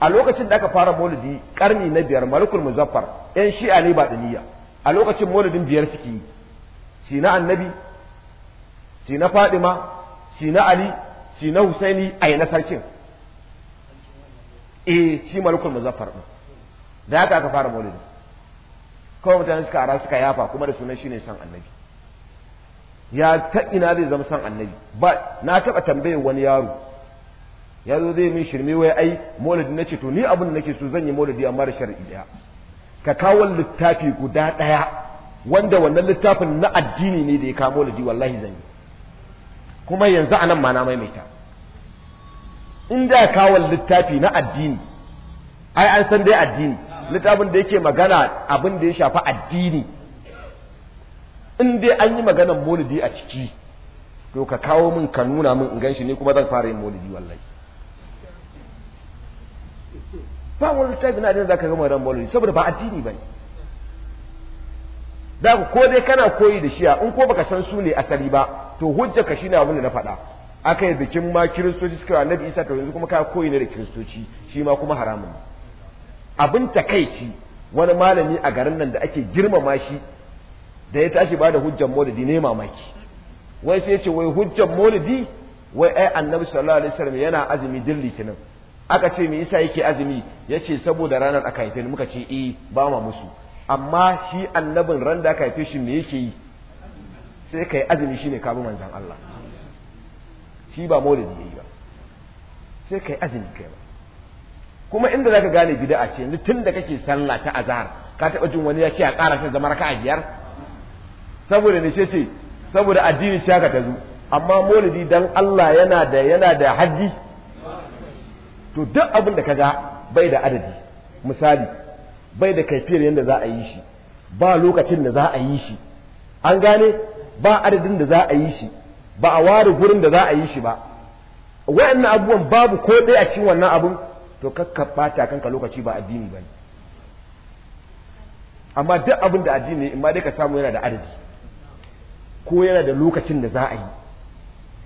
a lokacin da aka fara maulidi karni na biyar malikul muzaffar yan shi'a ne ba duniya a lokacin maulidin biyar suke yi shi na annabi shi na fadima shi na ali shi na husaini a na sarkin eh shi malikul muzaffar da haka aka fara maulidi kawai mutane suka ara suka yafa kuma da sunan shine san annabi ya ta ina zai zama san annabi ba na taba tambaye wani yaro ya zo zai min shirme wai ai maulidi na ce to ni abin da nake so zan yi maulidi amma da shar'i daya ka kawo littafi guda ɗaya wanda wannan littafin na addini ne da ya kawo maulidi wallahi zan yi kuma yanzu anan ma na maimaita in da kawo littafi na addini ai an san dai addini littafin da yake magana abin da ya shafi addini in dai an yi maganar maulidi a ciki to ka kawo min ka nuna min in gan shi ne kuma zan fara yin maulidi wallahi ba wani littafi na addini za ka gama ran maulidi saboda ba addini ba ne za ku ko dai kana koyi da shiya in ko baka san su ne asali ba to hujja ka shine abin da na faɗa aka yi bikin ma kiristoci suka annabi isa ka yanzu kuma ka koyi ne da kiristoci shi ma kuma haramun ne abin takaici wani malami a garin nan da ake girmama shi da ya tashi ba da hujjar maulidi ne mamaki wai sai ce wai hujjar maulidi wai ai annabi sallallahu alaihi wasallam yana azumi din litinin aka ce me yasa yake azumi yace saboda ranar aka haife muka ce eh ba ma musu amma shi annabin ran da aka haife shi me yake yi sai kai azumi shine ka bi manzon Allah shi ba maulidi yayi ba sai kai azumi kai ba kuma inda zaka gane bid'a ce yanzu da kake sallah ta azhar ka taba jin wani ya ce a ƙara ta zama raka'a biyar saboda ne ce ce saboda addini shaka ta zo amma maulidi dan Allah yana da yana da haddi to duk abin da kaga bai da adadi misali bai da kaifiyar yadda za a yi shi ba lokacin da za a yi shi an gane ba adadin da za a yi shi ba a ware gurin da za a yi shi ba wa'annan abubuwan babu ko ɗaya a cikin wannan abun to kakka bata kanka lokaci ba addini ba ne amma duk abin da addini in ma dai ka samu yana da adadi ko yana da lokacin da za a yi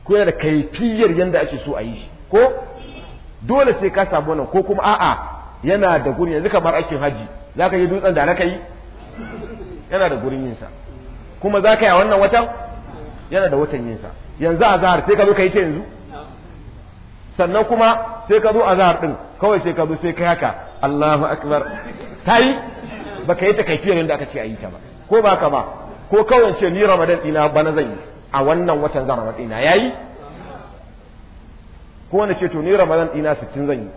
ko yana da kaifiyar yadda ake so a yi shi ko dole sai ka samu wannan ko kuma a'a yana da guri yanzu kamar aikin haji za ka yi dutsen da na yi yana da gurin yinsa kuma za ka yi a wannan watan yana da watan yinsa yanzu a zahar sai ka zo ka yi ta yanzu sannan kuma sai ka zo a zahar ɗin kawai sai ka zo sai kai haka Allahu akbar ba ka yi takaifiyar yadda aka ce a yi ta ba ko ba ka ba ko kawai ce ni ramadan ina bana zan yi a wannan watan zan ramadan ya yi? ko wanda ce to ni ramadan ina sittin zan yi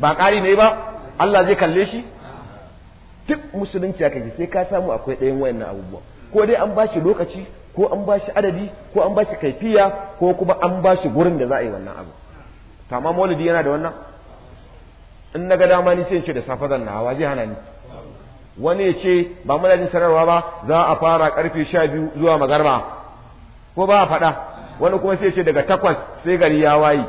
ba ƙari ne ba Allah zai kalle shi duk musulunci aka yi sai ka samu akwai ɗayan wayannan abubuwa ko dai an ba shi lokaci ko an ba shi adadi ko an ba shi kaifiya ko kuma an ba shi gurin da za a yi wannan abu kama maulidi yana da wannan in na ga dama ni sai ce da safa zan nawa zai hana ni wani ya ce ba muna jin sanarwa ba za a fara karfe sha biyu zuwa magarba ko ba a faɗa wani kuma sai ce daga takwas sai gari ya waye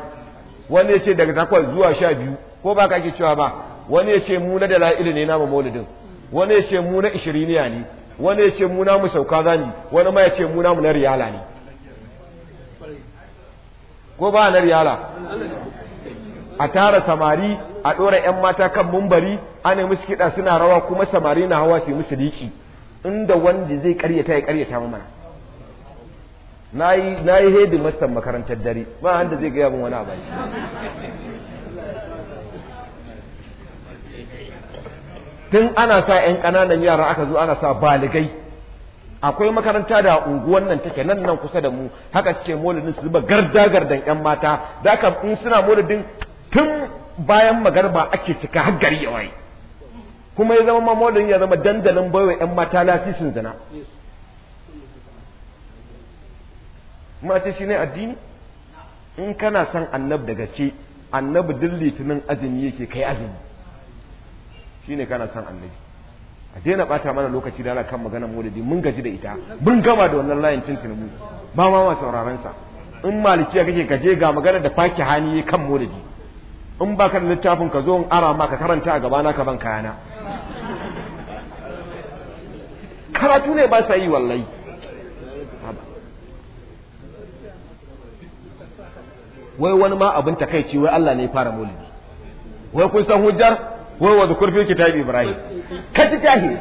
wani ya ce daga takwas zuwa sha biyu ko ba ka ake cewa ba wani ya ce mu na da la'ilu ne na maulidin wani ya ce mu na ishiriniya ne wani ya ce mu na mu sauka za ni wani ma ya ce mu na mu na riyala ne ko ba na riyala a tara samari a ɗora 'yan mata kan mumbari ana musu kiɗa suna rawa kuma samari na hawa su musu liƙi inda wanda zai ƙaryata ya ƙaryata mu mana na yi hedin mastan makarantar dare ba wanda zai gaya min wani abu tun ana sa 'yan ƙananan yara aka zo ana sa baligai akwai makaranta da unguwan nan take nan nan kusa da mu haka suke molidin su zuba garda gardan 'yan mata da in suna molidin tun bayan magarba ake cika har gari ya waye kuma ya zama mamodin ya zama dandalin baiwa 'yan mata lasisin zina mace shi ne addini in kana son annab da gaske annabi duk litinin azumi yake kai azumi shi ne kana son annabi a daina bata mana lokaci da kan magana maulidi mun gaji da ita mun gama da wannan layin cin mu ba ma ma sauraron sa in malikiya kake gaje ga magana da faki hani kan maulidi in ba ka da littafin ka zo in ara ma ka karanta a gabana ka ban kayana karatu ne ba sa yi wallahi wai wani ma abin takaici wai Allah ne ya fara maulidi wai kun san hujjar wai wa zukur fil kitab ibrahim ka ci tahi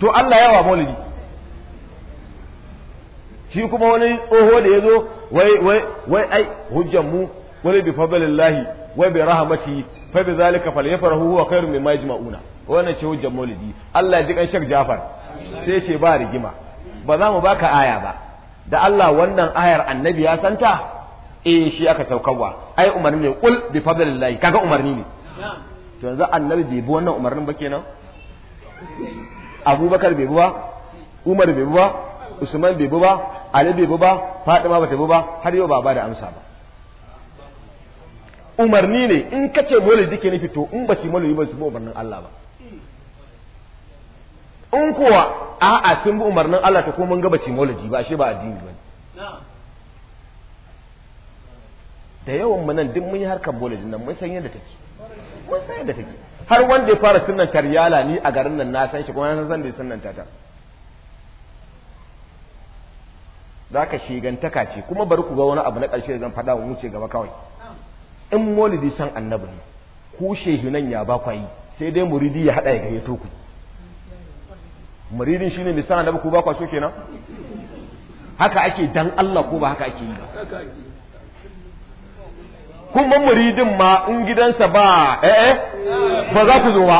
to Allah yawa maulidi shi kuma wani tsoho da ya zo wai wai wai ai hujjar mu wani bi fadlillahi wa bi rahmatihi fa bi zalika falyafrahu huwa khairum mimma yajma'una wannan ce hujjar maulidi Allah ya ji kan Sheikh Jafar sai ce ba rigima ba za mu baka aya ba da Allah wannan ayar annabi ya santa eh shi aka saukarwa ai umarni ne kul bi fadlillahi kaga umarni ne to yanzu annabi bai bi wannan umarnin ba kenan abubakar bai bi ba umar bai bi ba usman bai bi ba ali bai bi ba fatima bata bi ba har yau ba ba da amsa ba umarni ne in ka ce maulidi take nufi to in ba su maulidi ba su umarnin Allah ba in kuwa a'a sun bi umarnin Allah ta kuma mun ga ba su maulidi ba shi ba addini ba da yawan mu nan duk mun yi harkar maulidin nan mun san yadda take mun san yadda take har wanda ya fara sunan taryala ni a garin nan na san shi kuma na san da sunan tata zaka shigantaka ce kuma bari ku ga wani abu na ƙarshe zan zan faɗa wuce gaba kawai in maulidi san annabi ne ku nan ya ba yi sai dai muridi ya hada ya gayyato ku muridin shine mai san annabi ku ba kwa so kenan haka ake dan Allah ko ba haka ake yi ba kuma muridin ma in gidansa ba eh, eh ba za ku zo ba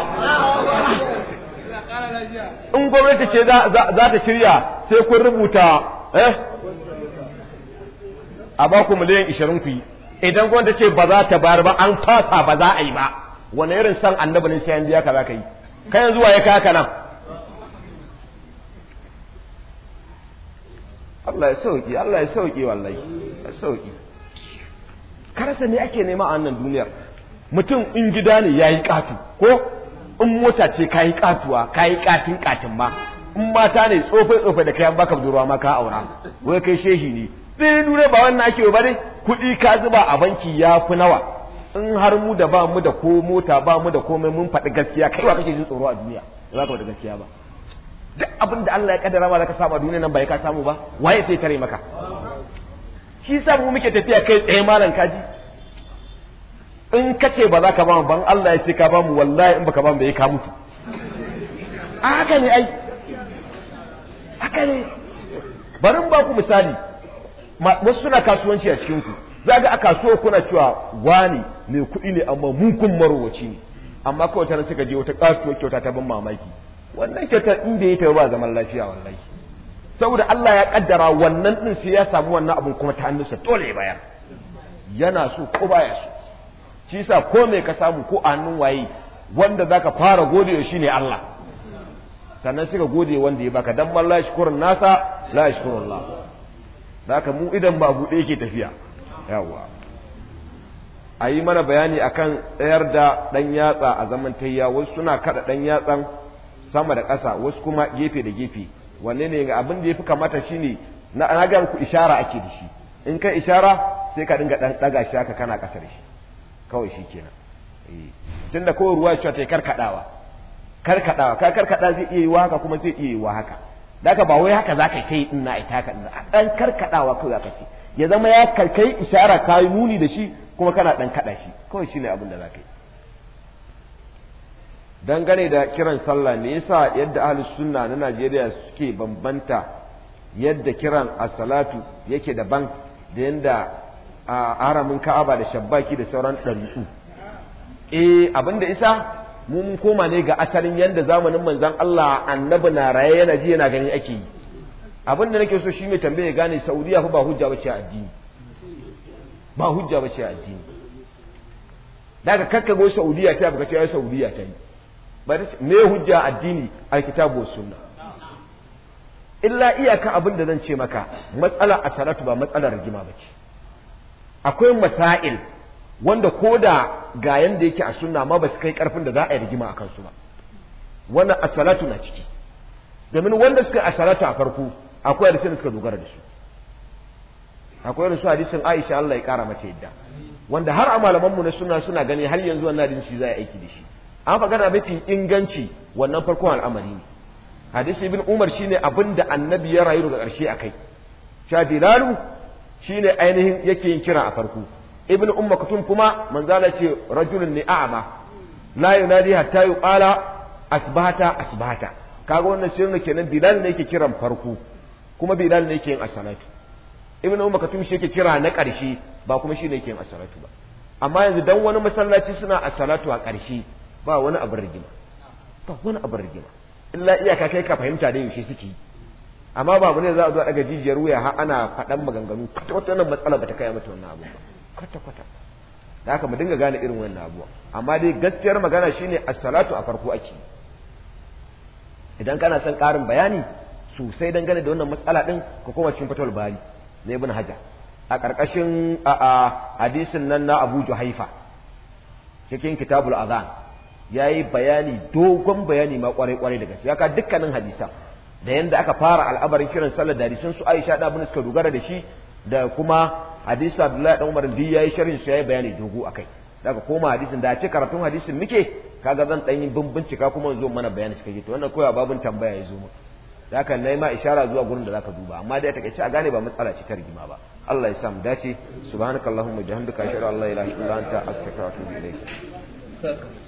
in gwamnati ce za ta shirya sai kun rubuta eh a ba ku miliyan ishirin ku yi idan gwanda ce ba za ta bayar ba an kasa ba za a yi ba wani irin san annabi ne sai ka za ka yi kai yanzu waye ka haka nan Allah ya sauki Allah ya sauki wallahi ya sauki karasa ne ake nema a wannan duniyar mutum in gida ne yayi katu ko in mota ce kayi katuwa kayi katin katin ma in mata ne tsofai tsofai da kayan baka budurwa ma ka aura wai kai shehi ne sai lura ba wannan ake ba dai kuɗi ka zuba a banki ya fi nawa in har mu da ba mu da ko mota ba mu da komai mun faɗi gaskiya wa kake jin tsoro a duniya za ka faɗi gaskiya ba duk abin da Allah ya kaddara ma za ka samu a duniya nan ba ya ka samu ba waye sai tare maka shi sa mu muke tafiya kai tsaye malam kaji in ka ce ba za ka ba mu ban Allah ya ce ka ba mu wallahi in baka ba mu bai ka mutu haka ne ai haka ne bari ba ku misali wasu suna kasuwanci a cikin ku ga a kasuwa kuna cewa wani mai kuɗi ne amma mun kun marowaci ne amma kawai tana suka je wata kasuwar kyauta ta ban mamaki wannan kyauta in ya yi ta ba zaman lafiya wallahi saboda Allah ya kaddara wannan din sai ya samu wannan abun kuma ta hannunsa dole bayar yana so ko baya so shi yasa ko mai ka samu ko a hannun waye wanda zaka fara gode shi ne Allah sannan suka gode wanda ya baka dan man la nasa la Allah!" haka mu idan ba buɗe yake tafiya yawa a yi mana bayani akan tsayar da ɗan yatsa a zaman tayya wasu suna kaɗa ɗan yatsan sama da ƙasa wasu kuma gefe da gefe wanne ne abin da ya fi kamata shine na na ga ku ishara ake da shi in kai ishara sai ka dinga ɗan ɗaga shi haka kana ƙasa da shi kawai shi kenan eh. tunda kawai ruwa ya ce ta karkaɗawa karkaɗawa ka karkaɗa zai iya yi wa haka kuma zai iya yi wa haka daga ba wai haka zaka kai in na ita ka a dan karkadawa kai zaka ce ya zama ya kai isharar kai muni da shi kuma kana dan kada shi kawai shine abin da zaka yi dangane da kiran sallah me yasa yadda ahlus sunna na Najeriya suke bambanta yadda kiran as-salatu yake daban da yanda a haramin Ka'aba da shabbaki da sauran ɗari'u eh abin da isa mun koma ne ga asalin yanda zamanin manzon Allah annabi na raye yana ji yana ganin ake yi abin da nake so shi mai tambaye gane Saudiya fa ba hujja bace addini ba hujja bace addini daga go Saudiya ta buga ce ai Saudiya ta yi ba me hujja addini kitabu was sunna illa iyaka abin da zan ce maka matsalar asaratu ba matsalar rigima bace akwai masail wanda ko da ga yanda yake a sunna ma ba su kai karfin da za a yi rigima a kansu ba wannan asalatu na ciki domin wanda suka yi asalatu a farko akwai hadisin suka dogara da su akwai da su hadisin Aisha Allah ya kara mata yadda wanda har a malamanmu na suna suna gani har yanzu wannan hadisin shi za a aiki da shi an fa gana mafi inganci wannan farkon al'amari ne hadisi ibn Umar shine abin da annabi ya rayu daga ƙarshe a kai, Bilalu shine ainihin yake yin kira a farko ibn umma kutum kuma manzala ce rajulun ni a'ma la yunadi hatta yuqala asbahata asbahata kaga wannan ne kenan bilal ne yake kiran farko kuma bilal ne yake yin asalatu. salatu ibn umm shi yake kira na ƙarshe ba kuma shi ne yake yin asalatu ba amma yanzu dan wani masallaci suna asalatu a ƙarshe ba wani abin rigima ba wani abin rigima illa iyaka kai ka fahimta da yaushe suke yi amma ba ne za a zo a daga jijiyar wuya har ana faɗan maganganu kwata wata wannan matsala ba ta kai mata wannan abu ba kwata-kwata da aka mu dinga gane irin wannan abuwa amma dai gaskiyar magana shine a salatu a farko ake idan kana son karin bayani sosai dangane da wannan matsala din ka koma cikin fatawul bari na ibn a ƙarƙashin a hadisin nan na abu juhaifa cikin kitabul azan ya yi bayani dogon bayani ma ƙwarai ƙwarai daga ya ka dukkanin hadisan da yanda aka fara al'amarin kiran sallar da su aisha da abin suka dogara da shi da kuma hadisi Abdullahi dan Umar duk yayi sharhin su yayi bayani dogo akai daga koma hadisin da ce karatun hadisin muke kaga zan dan yi bincika kuma zo mana bayani cikakke to wannan koyawa babun tambaya ya zo mu zaka nayi ma ishara zuwa gurin da zaka duba amma dai take ce a gane ba matsala ce ta rigima ba Allah ya sa mu dace subhanakallahumma wa bihamdika ashhadu an la ilaha illa anta astaghfiruka wa atubu ilayk